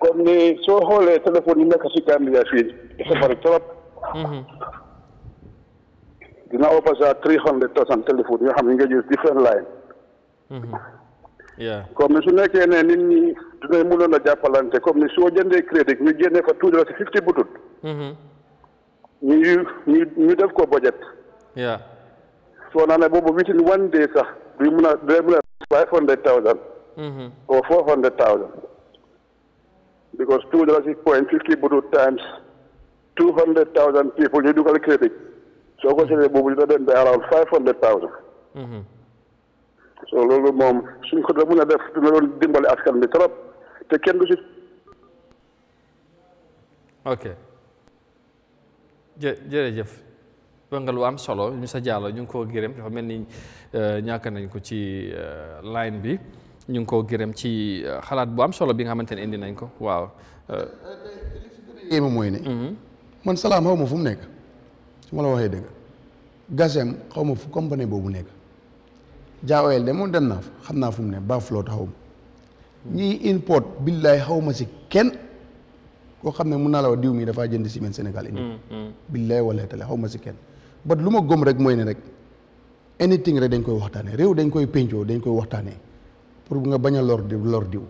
comme ni soo xoolee téléphone yi nekk si Gambia fii dafa bari trop. Mm-hmm. dina opposé a three hundred thousand téléphone yoo xam ne nga use different line mm-hmm. comme ni su nekkee ne nit ñi dinañ mënoon a jàppalante comme ni soo jëndee crédit ñu génnee fa tuuti la si fifty butut mm-hmm. ñu ñu ñu def ko budget soo naa ne boobu within one day sax du mun a du mun a five hundred thousand or four hundred thousand because two dollars point fifty butut times 200,000 people ñu dugal kredit, So ko seetee bobu dina dem ba around 500,000. Mhm. so lolu mom, suñ ko doon mun a def dina don dimbali askan bi trop te kenn du si. ok jë jërëjëf wangal lu am solo ñu sa jàll ñu ko koo dafa melni ni euh, nañ ko ci euh, line bi ñu ko koo ci euh, xalaat bu am solo bi nga xamante indi nañ ko waaw. ne. Mhm. man salaam xaw ma fu mu nekk su ma la waxee dëgg gasem xaw ma fu compagnie boobu nekk jaaoyel de moom dem naa fa xam naa fu mu ne ba flotte xaw ma ñii import billaay xaw ma si kenn koo xam ne mun naa la wax diw mi dafaa jënd ciment Sénégal indi mm, mm. billaay wala tale xaw ma si kenn bat lu ma gëm rek mooy ne rek anything rek dañ koy waxtaane réew dañ koy péncoo dañ koy waxtaane pour nga bañ a lor di lor diw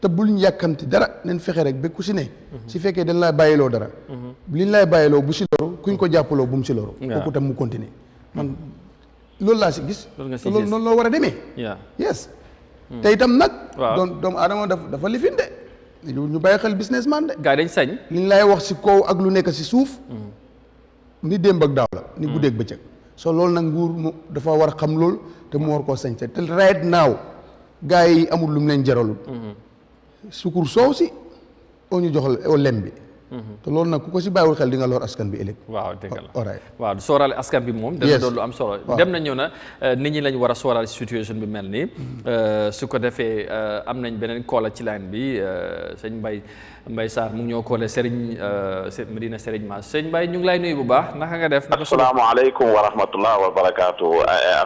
te buñ yakamti dara nañ fexé rek be ku si né ci féké dañ laa bàyyiloo dara liñ lay laay bàyyiloo bu ci loru kuñ ko jappalo bu mu si loru ko tam mu continuer man loolu la ci gis loolu noonu yes hmm. te itam nak doon doomu adamo daf dafa lifin de ñu bàyyi xel businessman dé gaay dañ sañ liñ lay wax ci ko ak lu nekk ci souf hmm. ni demb ak dawla ni gudé ak beccé so lool nak nguur mu dafa wara xam lool te mu hmm. war ko sañ te right now gars yi amul lu mu leen jaralul. Mhm. sukur soow si oo ñu jox la lem bi. Mhm. te loolu nag ku ko si bàyyiwul xel di nga lor askan bi ëllëg. waaw waaw sooraale askan bi moom. dana doon lu am solo dem na na euh, nit ñi lañu war a sooraale situation bi mel nii. Euh, su ko defee euh, am nañ beneen koola ci line bi sëñ Mbaye Mbaye Sarr mu ngi ñoo koole Serigne Medina seriñ Mass sëñ mbay ñu ngi lay nuyu bu baax naka nga def. asalaamaaleykum wa rahmatulah wa barakaatu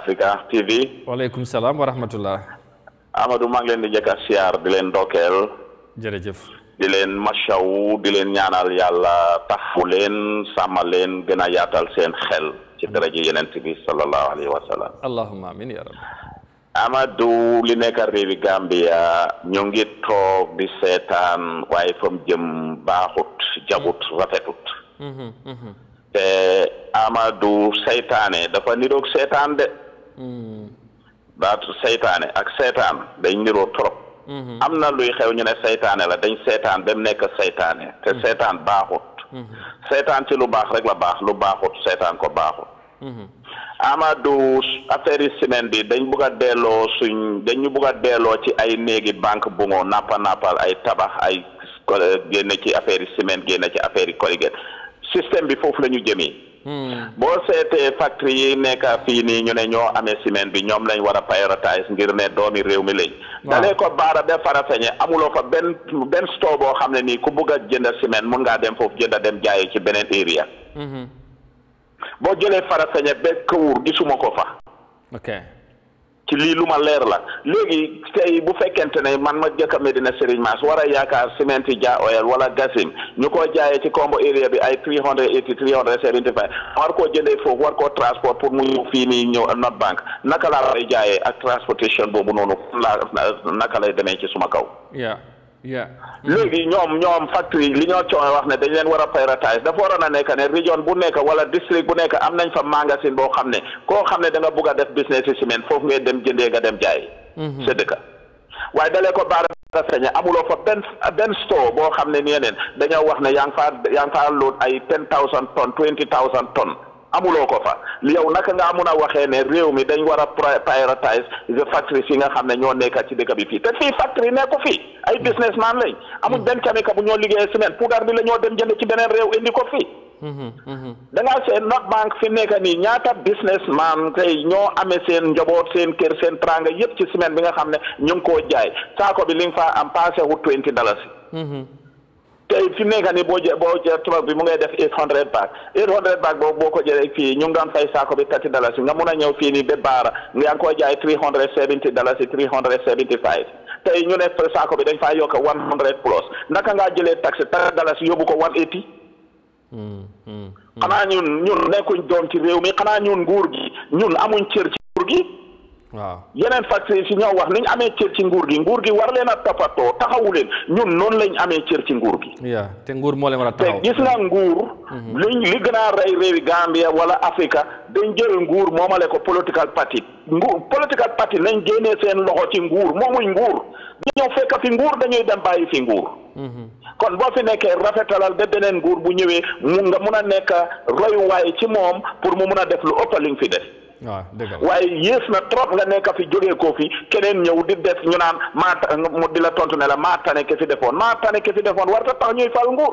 Africa TV. waaleykum salaam wa rahmatulah. Amadou mang len di jaka siar siyaar di leen dookeel jërëjëf di len machaw di len ñaanal yalla taxu len sama len gëna yaatal seen xel ci yenen tibi sallallahu alaihi wasallam allahumma amin ya rab Amadou li nekk rewi Gambia ñu ngi tok di setan way fam jëm baaxut jabut mm. rafetut mm-hmm, mm-hmm. te Amadou setané dafa niroog setan de mm. baatu seytaane ak seytaan day niroo trop mhm. am na luy xew ñu ne seytaane la dañ seytaan dem nekk seytaane te mhm. seytaan baaxut mhm. seytaan ci lu baax rek la baax lu baaxut seytaan ko baaxut Amadou affaire yi semaine bi dañ bugg a delloo suñ dañu bugg a delloo ci ay néegi banque bu ngoo nappa nappal ay tabax ay génne ci affaire yi semaine génne ci affaire yi Colgate système bi foofu la ñu jëmee Hmm. boo seetee factory yi nekk fii nii ñu ne ñoo amee ciment bi ñoom lañ war a prioritize ngir ne doomi réew mi lañ dalee ko baara ba farafeñe amuloo fa benn benn store boo xam ne nii ku bugg a jënd ciment mun ngaa dem foofu jënd dem jaayi ci beneen area hmm. boo jëlee farafeñe ba këwur gisuma ko fa ci lii lu ma leer la léegi tey bu fekkente ne man ma jëkk a Medina Serigne Mass war a yaakaar Cimenti Dia Oil wala Gasim ñu ko jaaye ci Kombo area bi ay three hundred eighty three hundred seventy five war koo jëndee foofu war koo transport pour mu ñëw fii nii ñëw North Bank naka laa lay jaayee ak transportation boobu noonu la naka lay demee ci suma kaw. léegi ñoom ñoom factory li ñoo coono wax ne dañ leen war a prioritize dafa waroon a nekk ne région bu nekk wala district bu nekk am nañ fa magasin boo xam ne koo xam ne da nga bugg a def business yi semaine foofu ngay dem jëndee nga dem jaay mm-hmm. sa dëkk waaye dalee ko baara feñe amuloo fa benn benn store boo xam ne yeneen dañoo wax ne yaa ngi faa yaa ngi faa load ay ten thousand tonnes twenty thousand tonnes amuloo ko fa yow naka ngaa mun a waxee ne réew mi dañ war a prioritize the factories yi nga xam ne ñoo nekk ci dëkk bi fii te fii factory nekku fii ay businessman lañ amuñ benn kamika bu ñoo liggéeyee semaine puudar bi lañoo dem jënd ci beneen réew indi ko fii mhm, mhm. da ngaa seen not bank fi nekk nii ñaata businessman tey ñoo amee seen njaboot seen kër seen tranga yépp ci semaine bi nga xam ne ñu ngi koo jaay saako bi li nga fa am passé wu twenty dalasi mhm. tey fi mu nekk boo jee boo jë tubaab bi mu ngay def eight hundred bag eight hundred bag boobu boo ko jëlee fii ñu ngi daan fay saako bi thirty dalasi nga mun a ñëw fii nii ba baara nga ngi koy jaay three hundred seventy dalasi three hundred seventy five tey ñu ne saako bi dañ faa yokk one hundred plus naka ngaa jëlee taxi thirty dalasi yóbbu ko one eighty. Hmm, hmm, hmm. xanaa ñun ñun nekkuñ doom ci réew mi xanaa ñun nguur gi ñun amuñ cër ci nguur gi. waaw yeneen facteurs yi si ñoo wax ni ñu amee cër ci nguur gi nguur gi war leen a toppatoo taxawu leen ñun noonu lañ amee cër ci nguur gi. yaa te nguur moo leen war a taxaw gis nga nguur. Mhm. liñ li gën rey réewi Gambia wala Afrika dañ jël nguur moomale ko political party nguur political party nañ génnee seen loxo ci nguur moomuñ nguur ñoo fekk fi nguur dañuy dem bàyyi fi nguur. Mhm. kon boo fi nekkee rafetalal ba beneen nguur bu ñëwee mu nga mun a nekk royuwaay ci moom pour mu mun a def lu ëpp li nga fi def. waaye yées na trop nga nekk fi jógee koo fi keneen ñëw di des ñu naan maa mu di la tontu ne la maa tane ke fi defoon maa tane ke fi defoon warta tax ñuy fal nguur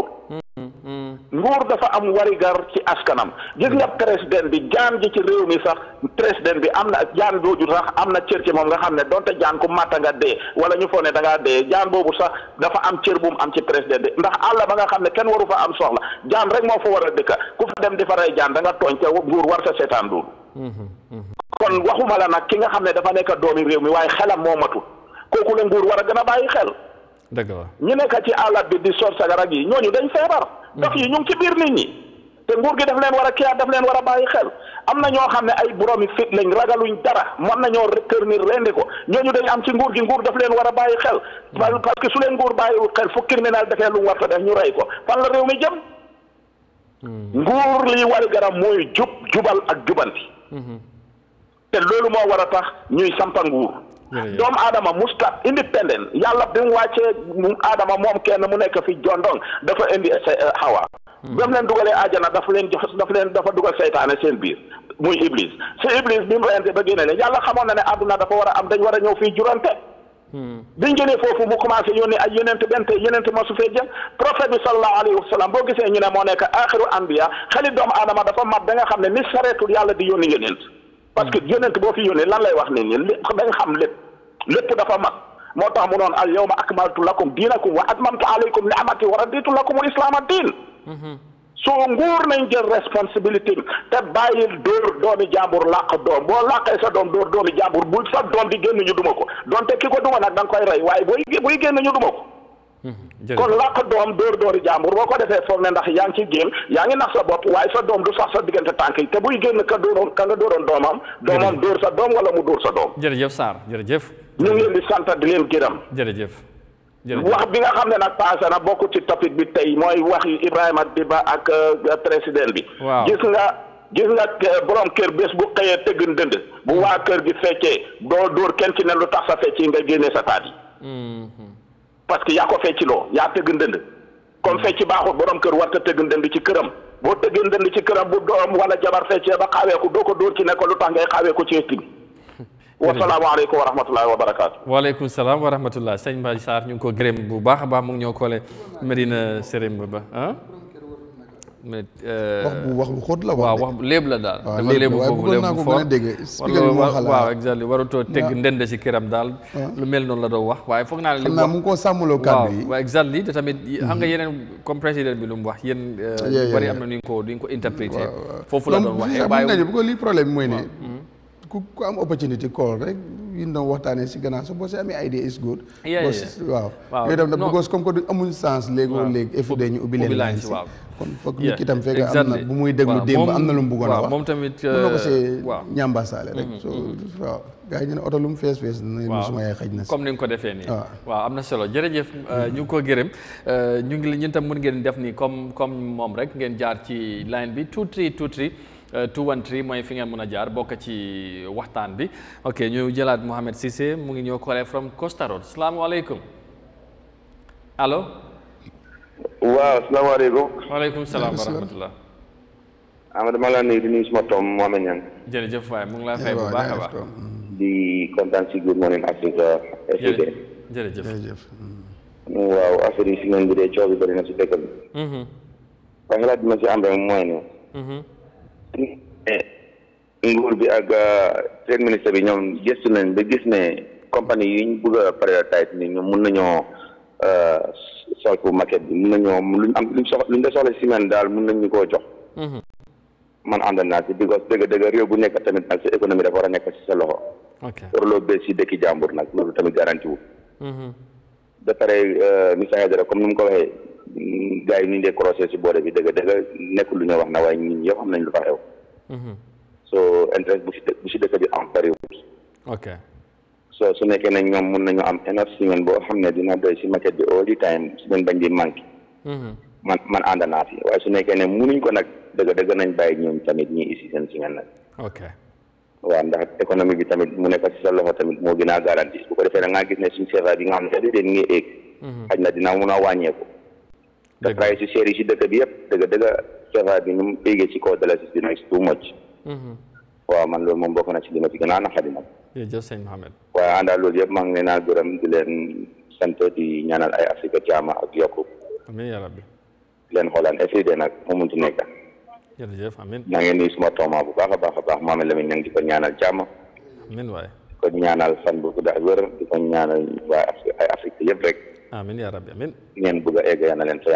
nguur dafa am warigar ci askanam gis nga président bi jaan ji ci réew mi sax président bi am na jaan jooju sax am na cër ci moom nga xam ne doonte jaan ku nga dee wala ñu foog ne da dee jaan boobu sax dafa am cër bu mu am ci président bi ndax àll ba nga xam ne kenn waru fa am soxla jaan rek moo fa war a dëkka ku fa dem di fa rey jaan da nga tooñ te nguur war sa seetaan duul kon waxuma la nag ki nga xam ne dafa nekk doomi réew mi waaye xelam moo matul kooku la nguur war a gën a bàyyi xel dëgg la ñu nekk ci àll bi di sor sagara gi ñu dañ feebar. Hmm. dox yi ñu ngi ci biir nit ñi. te nguur gi daf leen war a kiiwaat daf leen war a bàyyi xel am na ñoo xam ne ay boroomi fit lañ ragaluñ dara mën nañoo kër ni rendi ko ñu dañ am ci nguur gi nguur daf leen war a bàyyi xel. parce hmm. que su leen nguur bàyyiwul xel fu criminel defee lu mu war a def ñu rey ko fan la réew mi jëm. Hmm. nguur li war garam mooy jub jubal ak jubanti. te loolu moo war a tax ñuy sampa doomu aadama musta independent yàlla bi mu wàccee aadama moom kenn mu nekk fi jondong dafa indi eh, hawa hmm. ba mu leen dugalee ajana dafa leen jox dafa leen dafa dugal seytaane seen biir muy iblis si iblis bi mu reyante ba génne leen yàlla xamoon na ne àdduna dafa war a am dañ war a ñëw fii jurante hmm. biñ jëlee foofu mu commencé yónni ay yeneent benn te yonent ma su fee jëm prophète bi sallallahu alayhi wa boo gisee ñu ne moo nekk axiru anbiya xeli doomu aadama dafa mat da nga xam ne ni sareetul yàlla di yónni yonent parce que boo fi yónnee lan lay wax ne nii dañ xam lépp lépp dafa mag moo tax mu noon al yawma akmaltu lakum diinakum wa atmamtu alaykum ni'mati wa raditu lakumul islaama diin mhm. soo nguur nañ jël responsabilité te bàyyil dóor doomi jàmbur làq doom boo làqee sa doom dóor doomi jàmbur bu sa doom di génn ñu duma ko donte ki ko duma nag da nga koy rey waaye boo booy génn ñu duma ko kon la ko dom dor jàmbur jambour boko defé foog ne ndax yang ci gem yaa nax sa bop way sa dom du sax sa digënté tànk té buy génn ka doron ka nga doron domam domam dor sa dom wala mu dor sa jef sar jere jef ñu ngi di Santa di leen jere jef wax bi nga xamné nak passé na bokku ci topic bi tay moy wax Ibrahima Diba ak euh, président bi gis nga gis nga euh, borom kër bés bu xëyee tëgg dënd bu wa kër gi feccee do dor kenn ci ne lu tax sa fecc nga gënné sa taat hmm parce que yaa ko fecciloo yaa tëgg ndënd comme fecc baaxul borom kër war ta tëgg ndënd ci këram boo tëggee ndënd ci këram bu doom wala jabar feccee ba xaaweeku doo ko dóor ci ne ko lu tax ngay xaawee ko ci ëtt bi wasalaamaaleykum wa rahmatullahi wa barakaatu. waaleykum salaam wa rahmatullah sëñ Mbaye Sarr ñu ngi ko gërëm bu baax a baax mu ngi ñoo koole Medina Sérém ba ah. Euh, wax bu wax bu xóot la. waaw wax léeb la daal. dafa léebu foofu léebu foofu waaw léeb waaw waaw exactement warutoo teg ndend si këram daal. lu mel noonu la doon wax waaye foog naa ne. xam naa mu ngi koo sàmmaloo kàddu yi waaw exactement te tamit. xam nga mhm. yeneen comme président bi lu mu wax yéen. Euh, bari am na nu ñu ko nu ñu ko interprété. foofu la doon waxee waaye donc bu ko lii problème mooy ne. ku ku am opportunité call rek yi ñu doon waxtaanee si gannaaw so boo si amee idée is good. waaw. waaw mais dama ne because comme que amuñ sens léegoo léegi. ubbi leen si waaw kon kita nit ki tam fekk am na bu muy déglu démb am lu mu wax moom tamit mën na ko euh, see ñambaasaale rek mm-hmm, so mm-hmm. waaw gars yi ñu ne oto lu mu fees fees na suma yaay xaj comme ni ko defee nii ah. waaw am solo jërëjëf euh, mm-hmm. ñu ko gërëm euh, ñu ngi ñun tam mën ngeen def comme comme rek ngeen jaar ci line bi two three two three two one three fi ngeen mën jaar bokk ci waxtaan bi ok ñu jëlaat Cissé mu ngi from Costa Road salaamaaleykum allo waaw salaamaaleykum. waaleykum salaam wa rahmatulah. Amady maa ngi di nuyu suma jërëjëf waay mu ngi fay bu baax a baax. di kontaan si Good Morning Africa. jërëjëf jërëjëf jërëjëf. Hmm. waaw affaire yi si ngeen bi dee coow bi bëri na si mm-hmm. dëkk bi. waaye laaj bi ma si am rek mooy ne. nguur bi ak trade minister bi ñoom gëstu nañ ba gis ne compagnie yi ñu bëgg a ni mm-hmm. eh, mun nañoo. Eh, sol ko maquette bi mun nañoo luñ am luñ soxla luñ da soxla si man daal mun nañu koo jox mhm. man àndal naa si because dëgg dëgg réew bu nekk tamit nag sa économie dafa war a nekk si sa loxo warloo bés si dëkki jàmbur nag loolu tamit garanti wu mhm. ba pare euh, comme ni mu ko waxee gars yi ñu dee si bi dëgg dëgg lu ñu wax na waaye ñun yëpp nañ lu fa xew mhm. so interest bu si bu si dëkk bi am bariwut so su nekkee ne ñoom mun nañu am enough ciment boo xam ne dina doy si maquette bi all the time su leen bañ di manqué mm-hmm. man man ànd naa si waaye su nekkee ne munuñ ko nag dëgg dëgg nañ bàyyi ñoom tamit ñi isi seen ciment nag ok waaw ndax économie bi tamit mu nekk si sa loxo tamit moo gën a garanti bu ko defee da ngaa gis ne suñ seefaay bi nga xam ne sax déedéet ngi éeg xaj na dina mun a wàññeeku te price si seer yi si dëkk bi yëpp dëgg dëgg seefaay bi nu mu éegee si kaw dala si dina si bokk na si dina si gën a Ya sëñ Mohamed waaye àndaal loolu yëpp maa ngi leen di leen sant di ñaanal ay Afrique ak yokku rabbi di leen xoolaan essayé nag mu munti nekk jërëjëf amiin maa ngi nuyu suma tooma bu baax baax Lamine di ko ñaanal jaama amiin waaye ko ñaanal fan bu di ko ñaanal waa ay Afrique yëpp rek amiin ya rabbi Amin. ngeen bëgg a egg yal na leen fa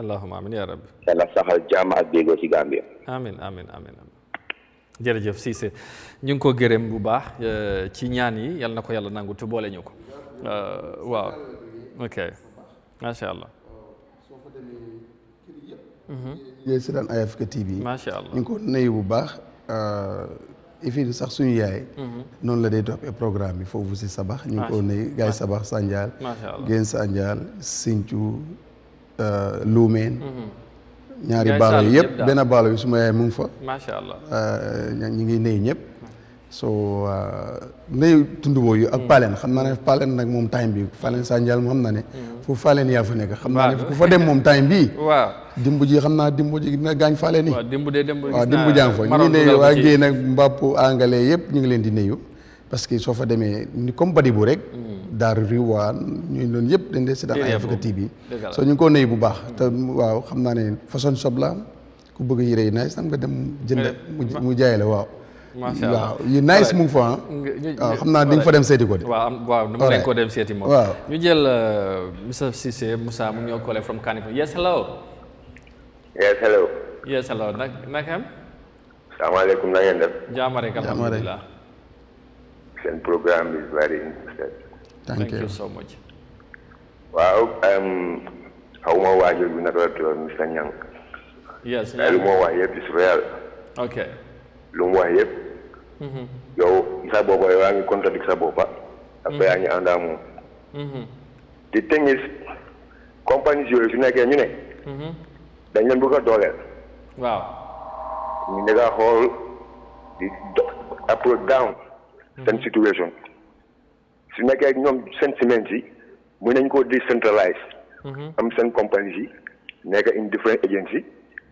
allahumma Amin ya rabbi yàlla saxal jaama ak déggoo ci Gambia Amin Amin. jërëjëf Cissé ñu ngi koo gërëm bu baax euh, ci ñaan yi yal na ko yàlla nangu te boole ñu ko euh, waaw ok macha allah. yéen si daan AFK TV. macha allah ñu ngi ko nuyu bu baax. Euh, ifin sax suñu yaay. Mhm. noonu la day toppee programme bi foofu si Sabax. ñu ngi ko gaay Sabax Sandial. macha allah Géen Sandial ñaari baalo yi yëpp benn baalo bi suma yaay mu ngi fa. macha allah euh, ñu ngi nuyu ñëpp. soo euh, nuyu tunduboo yu ak hmm. Palen xam naa ne Palen nag moom time bi Palen Sandial moom xam naa ne. foofu hmm. Palen yaa fa nekk. xam naa ne ku fa dem moom time bii. waaw dimb xam naa dimb ji gaañ Palen yi. waaw dimb de dimb gis naa waaw dimb jàng fa ñu ngi nuyu waa Guèye nag Mbapp Angale yëpp ñu ngi leen di nuyu. parce que soo fa demee ni comme badi bu rek. Mm. daar riwaan ñooñu loolu yëpp dañ dee seetaan ay Africa TV soo ñu ngi koo nuyu bu baax. Mm. te waaw xam naa ne façon sob la ku bëgg yére yu nice xam nga dem. jënd eh, mu jaay la waaw. yu nice mu ngi fa ah. waaw xam naa ni nga fa dem seeti ko de. waaw waaw dama leen ko dem seeti moom. waaw ñu jël euh, Mr Cissé Moussa mu ngi ñoo collé from Kanifing yes hello. yes hello. nag nag. salaamaaleykum na ngeen def. jaamare and program is very interesting. Thank, Thank you. you. so much. Wow, um, how more are you going to Mr. Nyang? Yes. How more why you Israel? Okay. Long Mhm. Yo, isa boba yo ang contradict sa boba. Apa yang mm mm-hmm. anda mu? Mhm. The thing is, companies you know kaya mm-hmm. ni Dan yang buka dollar. Kan? Wow. Ni hall, the approach down. seen situation su nekkee ñoom seen semaine si mën nañ koo décentraliser. Mhm. am seen compagnie yi nekk in different agency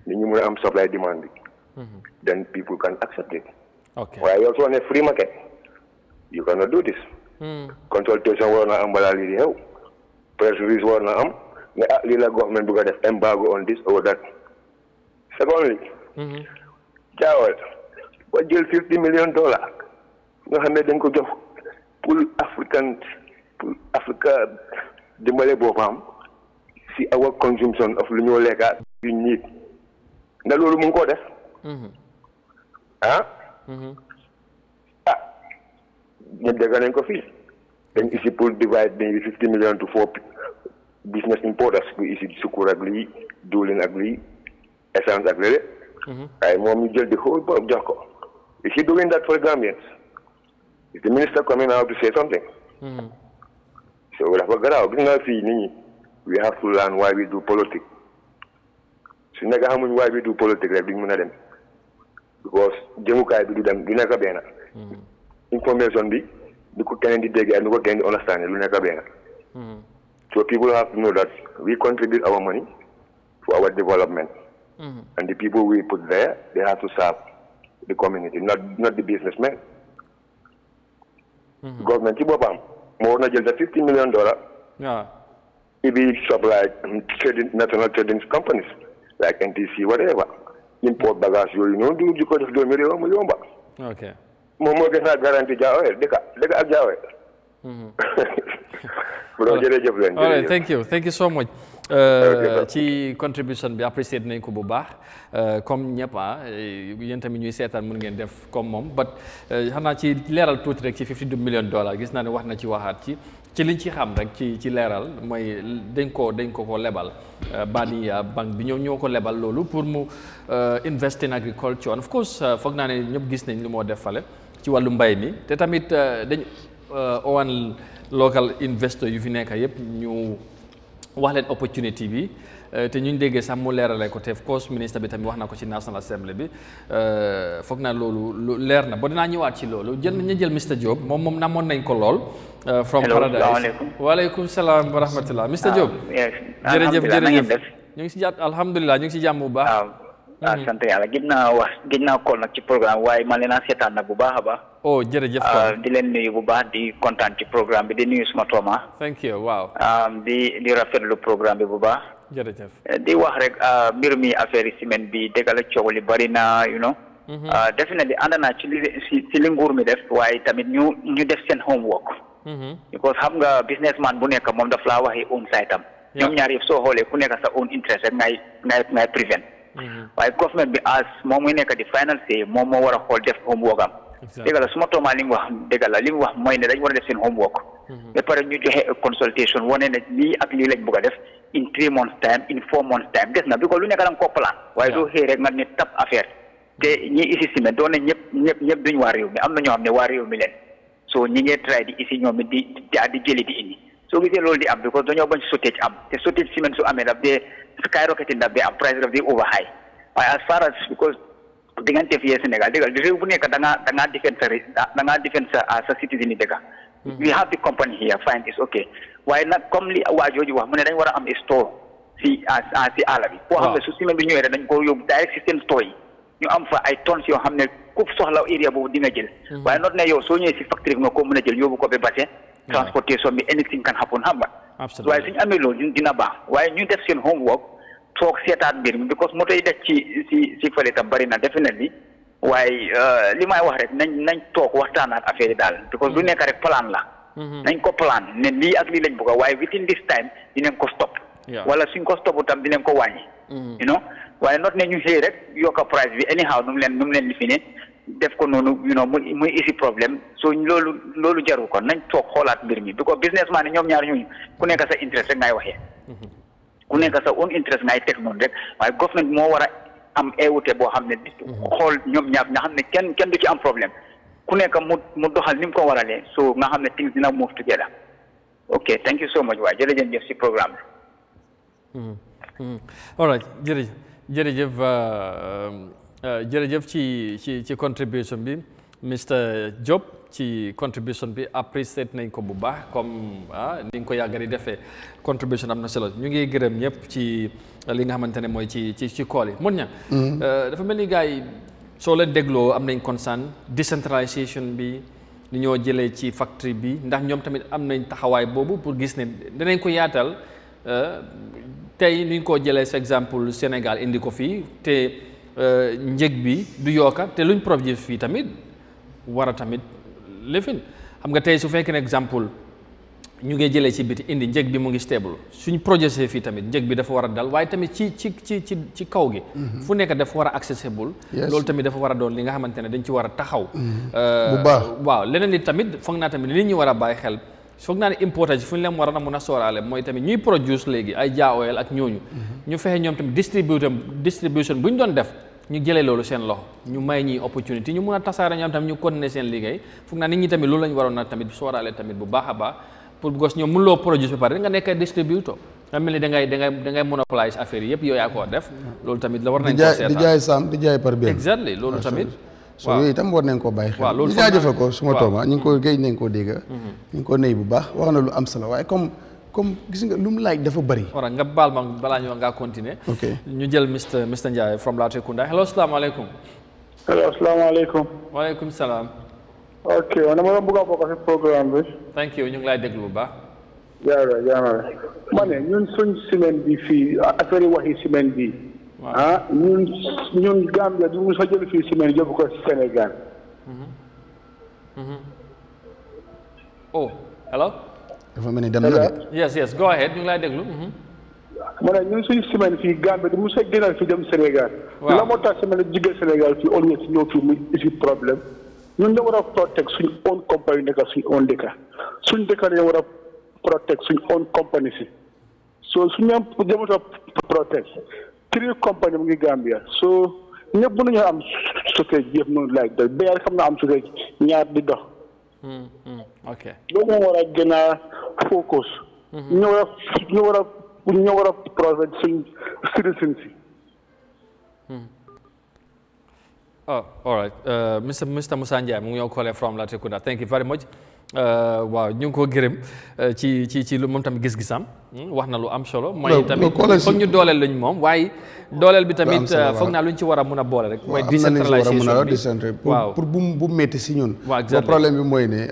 nit ñi mën a am supply demand bi. Mhm. then people can accept it. ok waaye yow soo ne free market you cannot do this. Mhm. consultation war na am balaa lii di xew press release am ne ah lii la government bëgg a def embargo on this or that secondly jaawal ba jël fifty million dollars nga xam ne dañ ko jox Pôle africain Pôle Africa dimbale boppam si our consumption of lu ñoo lekka yu ñiit nga loolu mu koo def mm-hmm. ah mm-hmm. ah ñëpp dégg nañ ko fii dañ isi pour divide maybe fifty million to four business importers bu isi sukkur ak lii diwlin ak lii essence ak lële mm-hmm. waaye moom ñu jël di xool ba jox ko is he for Gambians Is the minister coming out to say something? Mm. So we have to get out. We have to learn why we do politics. So nekk xamuñ waaye bi du politique rek duñ mën a because jëmukaay bi du dem du nekk benn information bi ni ko keneen di dégg ak understand hmm. so people have to know that we contribute our money for our development hmm. and the people we put there they have to serve the community not not the businessmen Mhm. government ci boppam moo war na jël sa fifty million dollars. waaw ibi shop like trading national trading companies like NTC whatever import bagage yooyu noonu du di ko def doomi réew mu yomba. ok moom moo gën a garanti jaawee dëkk dëkk ak jaawee. bu doon jërëjëf leen. jërëjëf all right thank you thank you so much. Euh, ci contribution bi apprécié nañ ko bu baax euh, comme ñëpp ah yéen tamit ñuy seetaan mun ngeen def comme moom but euh, naa ci leeral tuuti rek ci 52 million dollars gis naa ne wax na ci waxaat ci ci liñ ci xam rek ci ci leeral mooy dañ koo dañ ko ko lebal Badiya banque bi ñoo ñoo ko lebal loolu pour mu invest in agriculture of course foog naa ne ñëpp gis nañ lu moo def fale ci wàllu mbay mi te tamit dañ owan local investor yu fi nekk yëpp ñu wax leen opportunity bi euh, te ñu déggee sax mu leerale ko te of course ministre bi tamit wax na ko ci National Assembly bi euh, foog naa loolu leer na ba dinaa ñëwaat ci loolu jël ñu jël Mr Diop moom moom na namoon nañ ko lool. Euh, from Paradise waaleykum salaam wa rahmatulah. Mr ah, Diop jërëjëf jërëjëf ñu ngi si jàpp alhamdulilah ñu ngi si jàmm bu baax. Ah, ah mhm. sant yàlla gis naa wax gis naa kool nag ci programme waaye man leen a seetaan nag bu baax a baax. oh jërëjëf ah, di leen nuyu bu baax di kontaan ci programme bi di nuyu suma tooma. thank you waaw. Ah, di di rafetlu programme bi bu baax. jërëjëf eh, di wax rek ah, mbir mi affaire yi semaine bi dégg la coow li bari na you know. Mhm. definitely ànd naa ci li ci li nguur mi def waaye tamit ñu ñu def seen homework. Mhm. because xam nga businessman bu nekk moom daf laa waxi own site am. ñoom ñaar yëpp soo xoolee ku nekk sa own interest Mhm. waaye government bi as moom muy nekk di financé moom moo war a xool def homework am la su ma toomaa li mu wax dëgg la li mu wax mooy ne dañ war a def seen homework mhm. ba pare ñu joxe consultation wane ne lii ak lii lañ bëgg a def in three months time in four months time des na bi ko lu nekk da nga ko plan waaye doo xëy rek nga ne tab affaire te mhm. ñi isi si doon na ñëpp ñëpp ñëpp duñ waa réew mi am na ñoo xam ne waa réew mi leen so ñi ngee di isi ñoom it di di jëli soo gisee loolu di am because dañoo bañ shortage am te shortage ciment su amee daf dee skyrocketing daf dee am price daf dee over high waaye as far as because diggante fii Sénégal bu nekk da da ngaa defend sa da ngaa defend sa ah, sa citizen yi dëgga mm-hmm. we have the company here fine it's okay waaye nag comme li waa jooju wax mu ne dañ war a am store si ah, ah, si àll bi boo xam ne su ciment bi ñëwee rek dañ ko yóbbu direct système store ñu am fa ay tonnes yoo xam ne ku soxla area boobu di jël mm-hmm. waaye not yow soo ñëwee si factory bi a jël yóbbu ko ba transportation bi anything can happen xam nga. waaye suñu amee loolu dina baax waaye ñu def seen homework toog seetaat mbir mi because moo yi def ci ci ci fële tam bari na definitely waaye euh, li may wax rek nañ nañ toog waxtaanaat affaire yi daal because lu mm-hmm. nekk rek plan la. Mm-hmm. nañ ko plan ne lii ak lii lañ bëgg waaye within this time dinañ ko stop. wala suñ ko stopu tam dinañ ko wàññi. Mm-hmm. you know waaye not ne ñu xëy rek yokk a price bi anyhow nu mu leen nu mu leen di fi def ko noonu you know muy muy isi problème so loolu loolu jaru ko nañ toog xoolaat mbir mi because businessman ñoom ñaar ñooñu ku nekk sa interest rek ngay waxee mm-hmm. ku nekk sa own interest ngay teg noonu rek waaye government moo war a am eewute boo xam ne mm-hmm. xool ñoom ñaar nga xam ne kenn kenn du ci am problème ku nekk mu mu doxal ni mu ko waralee so nga xam ne things dina move together ok thank you so much waaye jërëjëf si programme bi mm-hmm. all right jërëjëf jërëjëf euh, Eh, jërëjëf ci ci ci contribution bi Mr Diop ci contribution bi appreciate nañ ko bu baax comme ah ni nga ko yàgg di defee contribution am na solo ñu ngi gërëm ñëpp ci li nga xamante ne mooy ci ci ci kool yi mun ña mm-hmm. eh, dafa mel ni gars yi soo leen dégloo am nañ concern decentralisation bi ni ñoo jëlee ci factory bi ndax ñoom tamit am nañ taxawaay boobu pour gis ne danañ ko yaatal eh, tey ni ñu ko jëlee sa exemple Sénégal indi ko fii te. Euh, njëg bi du yokka te luñ produire fii tamit war a tamit lifin xam nga tey su fekkee ne exemple ñu ngi jëlee ci biti indi njëg bi mu ngi stable suñ projet fii tamit njëg bi dafa war a dal waaye tamit ci ci ci ci ci kaw gi. Mhm. fu nekk dafa war a accessible. loolu tamit dafa war a doon li nga xamante ne dañ ci war a taxaw. Mhm. Euh, bu baax waaw leneen li tamit foog naa tamit li ñu war a bàyyi xel. foog na ne important yi fu ñu leen war a mun a produce léegi ay jaa oil ak ñooñu. ñu fexe nyom tamit distribution distribution bu ñu doon def ñu jëlee lo seen loxo ñu may ñi opportunité ñu mun a tasaare ñoom tamit ñu continuer seen liggéey foog naa nit ñi tamit loolu la ñu tamit sóoraale tamit bu bahaba a pour because produce ba pare nga nekk distributor nga mel ni da ngay da ngay da ngay monopolise affaire yi def. Mm. loolu tamit la war nañ ko di jaay sam di jaay par exactly exactly loolu tamit. so yooyu itam war nañ koo bàyyi xel ñu jaajëfal ko su ma tooma ñu ngi ko géej nañ koo dégg ñu ngi ko mhm. néy bu baax wax na lu am solo waaye comme comme gis nga lu mu laaj dafa bëri wara nga baal ma balaa ñoo ngaa continuer ok ñu jël Mr Mr Ndiaye from Latrikunda hello salaamaaleykum hello salaamaaleykum waaleykum salaam ok a bokk ci programme bi thank you ñu bu baax jaara jaara ma ne ñun suñ semaine bi fii affaire yi waxi bi ah ñun ñun Gambia du mos a jël fii semaine yóbbu ko Sénégal. oh hello. dafa mel ni dem na de. yes yes go ahead ñu ngi lay déglu. ma ne ñun suñu semaine fii Gambie du mos a gënal fii dem Sénégal. waaw la moo tax semaine jóge Sénégal fii on est ñëw fii muy isi problème ñun da war a protect suñu own compagnie nekk suñu own dëkk suñu dëkk dañoo war a protect suñu own compagnie si so suñu am demoon a protect. three company mu ngi Gambia so ñëpp mën nañoo am suufee yëpp noonu laaj doy béykat xam naa am suufee ñaar di dox. Hmm, hmm, ok loolu moo war a focus. Hmm. ñu war a ñu war a ñu war a projet suñ citizens si. oh all right uh, Mr Mr Musa Njie mu ngi ñëw calling from Latrikunda Euh, waaw ñu ngi ko gërëm euh, ci ci ci moom tamit gis-gisam hmm, wax na lu am solo. mooy tamit foog ñu dooleel lañ moom waaye. dooleel bi tamit euh, foog naa lu ñu ci war a mun a boole rek. mooy décentralisation bi waaw pour bu bu métti si ñun. waaw problème bi mooy ne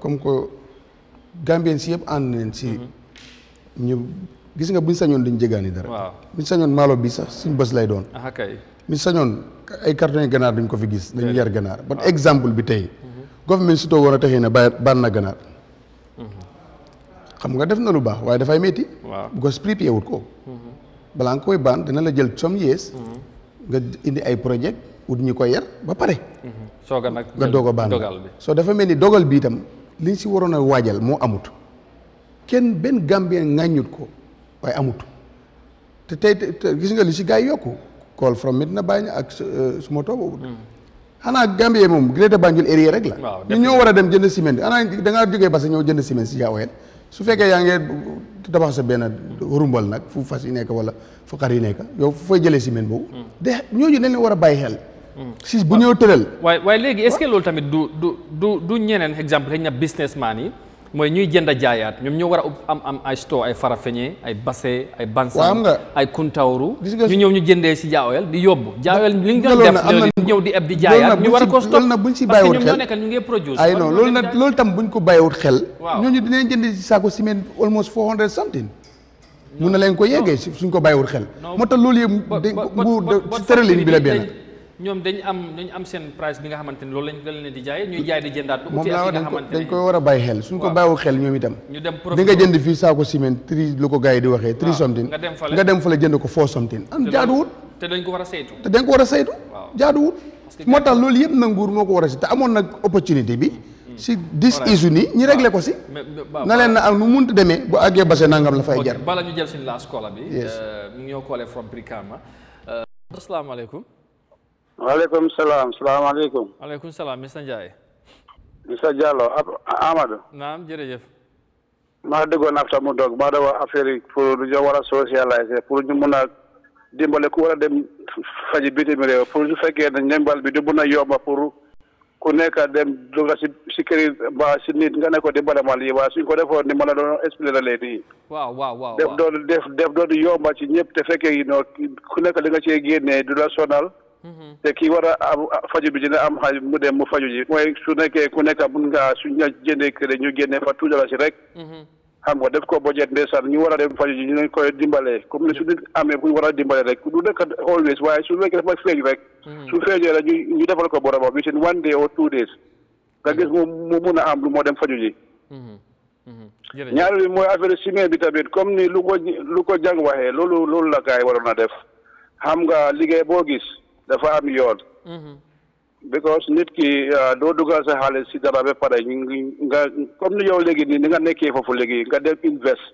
comme que Gambien si yëpp ànd nañ si. Mm-hmm. ñu nga buñ sañoon duñ jéggaani dara. waaw buñ sañoon maalo bi sax suñ bës lay doon. ah kay sañoon ay carton yi ganaar duñ ko fi gis. dañu yar ganaar ban exemple bi tey. government si toogoon a taxee na ba ban na ganaar xam nga def na lu baax waaye dafay métti because prepare wut ko balaa nga koy baan dina la jël some years nga indi ay projet ut ñu ko yar ba pare sooga nag nga doog a baan soo dafa mel ni dogal bii tam liñ si waroon a waajal moo amut kenn benn gambien ŋàññut ko waaye amut te tey gis nga li si gaa yokk yokku call from mit na bàyyi ak su ma toog xanaa Gambie moom Greater Banjul area rek la. ñu ñoo war a dem jënd ciment xanaa da ngaa jógee parce que ñoo jënd ciment si Jaoel su fekkee yaa ngee tabax sa benn rumbal nag fu fas yi nekk wala fu xar yi nekk yow fu fay jëlee ciment boobu. Hmm. de ñooñu dañ ne war a bàyyi xel. Hmm. si bu ñëw tëral. waaye waaye léegi est-ce que loolu tamit du du du du ñeneen exemple xëy na businessman yi. mooy ñuy jënd jaayaat ñoom ñoo war a am am ay store ay farafeñe ay basse ay bansan ay kuntawru ñu ñëw ñu jëndee si jaaoyal di yóbbu jaaoyal li ñu doon def ñëw di eb di jaayaat ñu war a ko stop loolu nag buñ si bàyyiwut xel parce que ñoom ñoo nekkal ñu ngi produce ay non loolu nag loolu tam buñ ko bàyyiwut xel ñooñu dinañ jënd si saako ciment almost four hundred something mun na leen ko yeggee suñ ko bàyyiwut xel moo tax loolu yëpp bu tëralin bi la benn ñom dañ am dañ am sen price bi nga xamanteni ne loolu lañu leen di jaay ñu jaay di jëndat bu ci nga xamanteni ne dañ koy wara bay xel suñ ko bàyyiwul xel ñom itam ñu dem nga jënd sa ko ciment tri lu ko gaay di waxe tri something nga dem fa la jënd ko fo something am jaaduwut te dañ ko wara a saytu te dañ ko wara a saytu jaaduwut moo tax loolu yëpp nag nguur moo ko war te opportunité bi mm, mm. si dis isu ni ñi réglé ko si na leen na nu muntu démé bu aggé base nangam la fay jar bala ñu jël sin la scola bi euh, ñoo lé from assalamu euh, alaykum waaleykum salaam salaamaaleykum. waaleykum salaam Mr Ndiaye. Mr Diallo Amadou. naam jërëjëf. ma déggoon afta mu dog maa doon affaire yi pour ñu war a socialiser pour ñu mun a dimbale ku war a dem faji bitim réew pour su fekkee ne ñembal bi du mun a yomba pour ku nekk dem dugg si si kër ba si nit nga ne ko di bala ma lii waa suñ ko defoon ni ma la doon expliqué la leen nii. waaw waaw waaw def doon def def yomba ci ñëpp te fekkee yi ku nekk li nga cee génnee du la sonal. te ki war a am faju bi dina am xaalis mu dem mu faju mooy su nekkee ku nekk mun ngaa suñ la jëndee crédit ñu génne fa tuuti la si rek mhm. xam nga def ko budget ndeysaan ñu war a dem faju ji ñu leen koy dimbalee comme ne su nit amee ku ñu war a dimbalee rek du nekk always waaye su fekkee dafa feeñ rek mhm. su feeñee rek ñu ñu ko boromam bi seen one day or two days nga gis moom mu mun a am lu moo dem faju ji mhm. ñaar bi mooy affaire ciment bi tamit comme ni lu ko lu ko jàng waxee loolu la gars yi waroon a def xam boo gis dafa am yoon. Mhm. because nit ki uh, doo dugal sa xaalis si dara ba pare nga comme ni yow léegi nii ni nga nekkee foofu léegi nga dem invest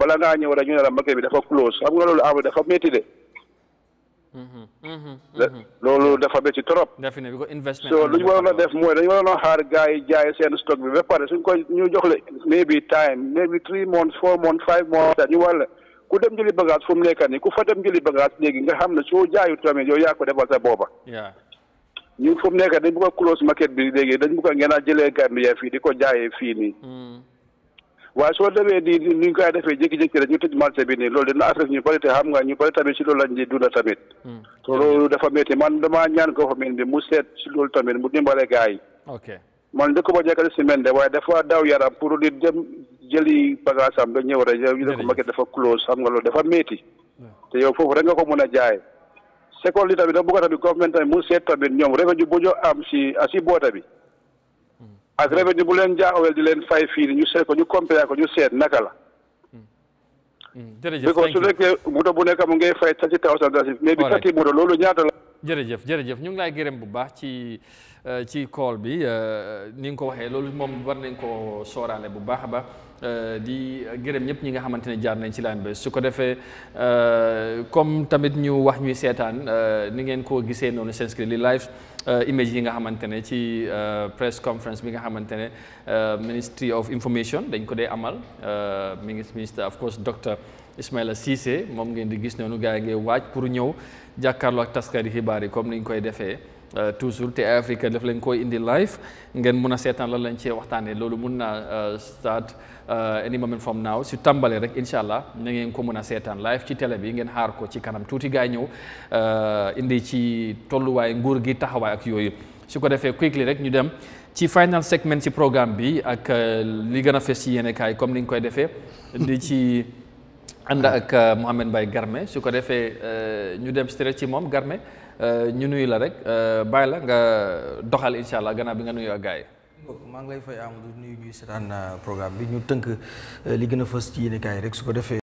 bala ngaa ñëw rek ñu ne la marché bi dafa close xam nga loolu amul dafa métti de. Mhm, mhm, loolu dafa métti trop. definitely because investment so lu ñu waroon a def mooy dañu waroon a xaar gars yi jaay seen stock bi ba pare suñ ko ñu jox la maybe time maybe three months four months five months ñu ku dem jëli bagage fu mu nekk nii ku fa dem jëli bagage léegi nga xam ne soo jaayut tamit yow yaa ko defal sa booba. ñu fu mu nekk dañ bëgg a close market bi léegi dañ bëgg a ngeen a jëlee Gambia di ko jaayee fi nii. Hmm. waaye soo demee nii ni ñu koy defee jékki-jékki rek ñu tëj marché bi nii loolu dina affecté ñu bëri te xam nga ñu bëri tamit si loolu lañ di dunda tamit. Hmm. te loolu dafa man damaa ñaan gouvernement bi mu seet si loolu tamit mu dimbale gars yi. man de dëkk ba jekkati si mende waaye dafa daw yaram pour di dem jëli bagage am ba ñëw rek yow ñu ne ko market dafa close xam nga loolu dafa métti te yow foofu rek nga ko mën a jaay seconde li tamit dama bëgg tamit government tamit mu seet tamit ñoom revenu bu ñu am si ah, si boota bi hmm. ak revenu bu leen jaawel di leen fay fii ñu seet ko ñu compare ko ñu seet naka la hmm. Hmm. jërëjëf parce que su nekkee moto bu nekk mu ngay fay thirty thousand mais bi thirty loolu ñaata la jërëjëf jërëjëf ñu ngi lay gërëm bu baax ci euh, ci call bi euh, ni nga ko waxee loolu moom war nañ koo sooraale bu baax ba euh, di gërëm ñëpp ñi nga xamante ne jaar nañ ci line bi su ko defee comme tamit ñu wax ñuy seetaan ni ngeen ko gisee noonu seen li live image yi nga xamante ne ci press conference bi nga xamante ne ministry of information dañ ko dee amal ministre of course docteur Ismaïla Cissé moom ngeen di gis noonu gars yi ngay waaj pour ñëw jàkkaarloo ak taskari xibaar yi comme ni ñu koy defee euh, toujours te Africa daf leen koy indi live ngeen mun a seetaan lan lañ cee waxtaanee loolu mun naa euh, start euh, any moment from now si tàmbale rek incha allah na ngeen ko mun a seetaan live ci télé bi ngeen xaar ko ci kanam tuuti gaay ñëw indi ci tolluwaay nguur gi taxawaay ak yooyu su ko defee quickly rek ñu dem ci final segment ci programme bi ak li gën a fes ci yéene kaay comme ni ñu koy defee indi ci. and ah, ak euh, Mouhamed Mbaye Garme su ko defee euh, ñu dem straight ci moom Garme euh, ñu nuyu la rek bàyyi la nga doxal incha allah gannaaw bi nga nuyu ak gars maa ngi lay fay am du nuyu ñuy programme bi ñu tënk li gën a fës ci yéen rek su ko defee.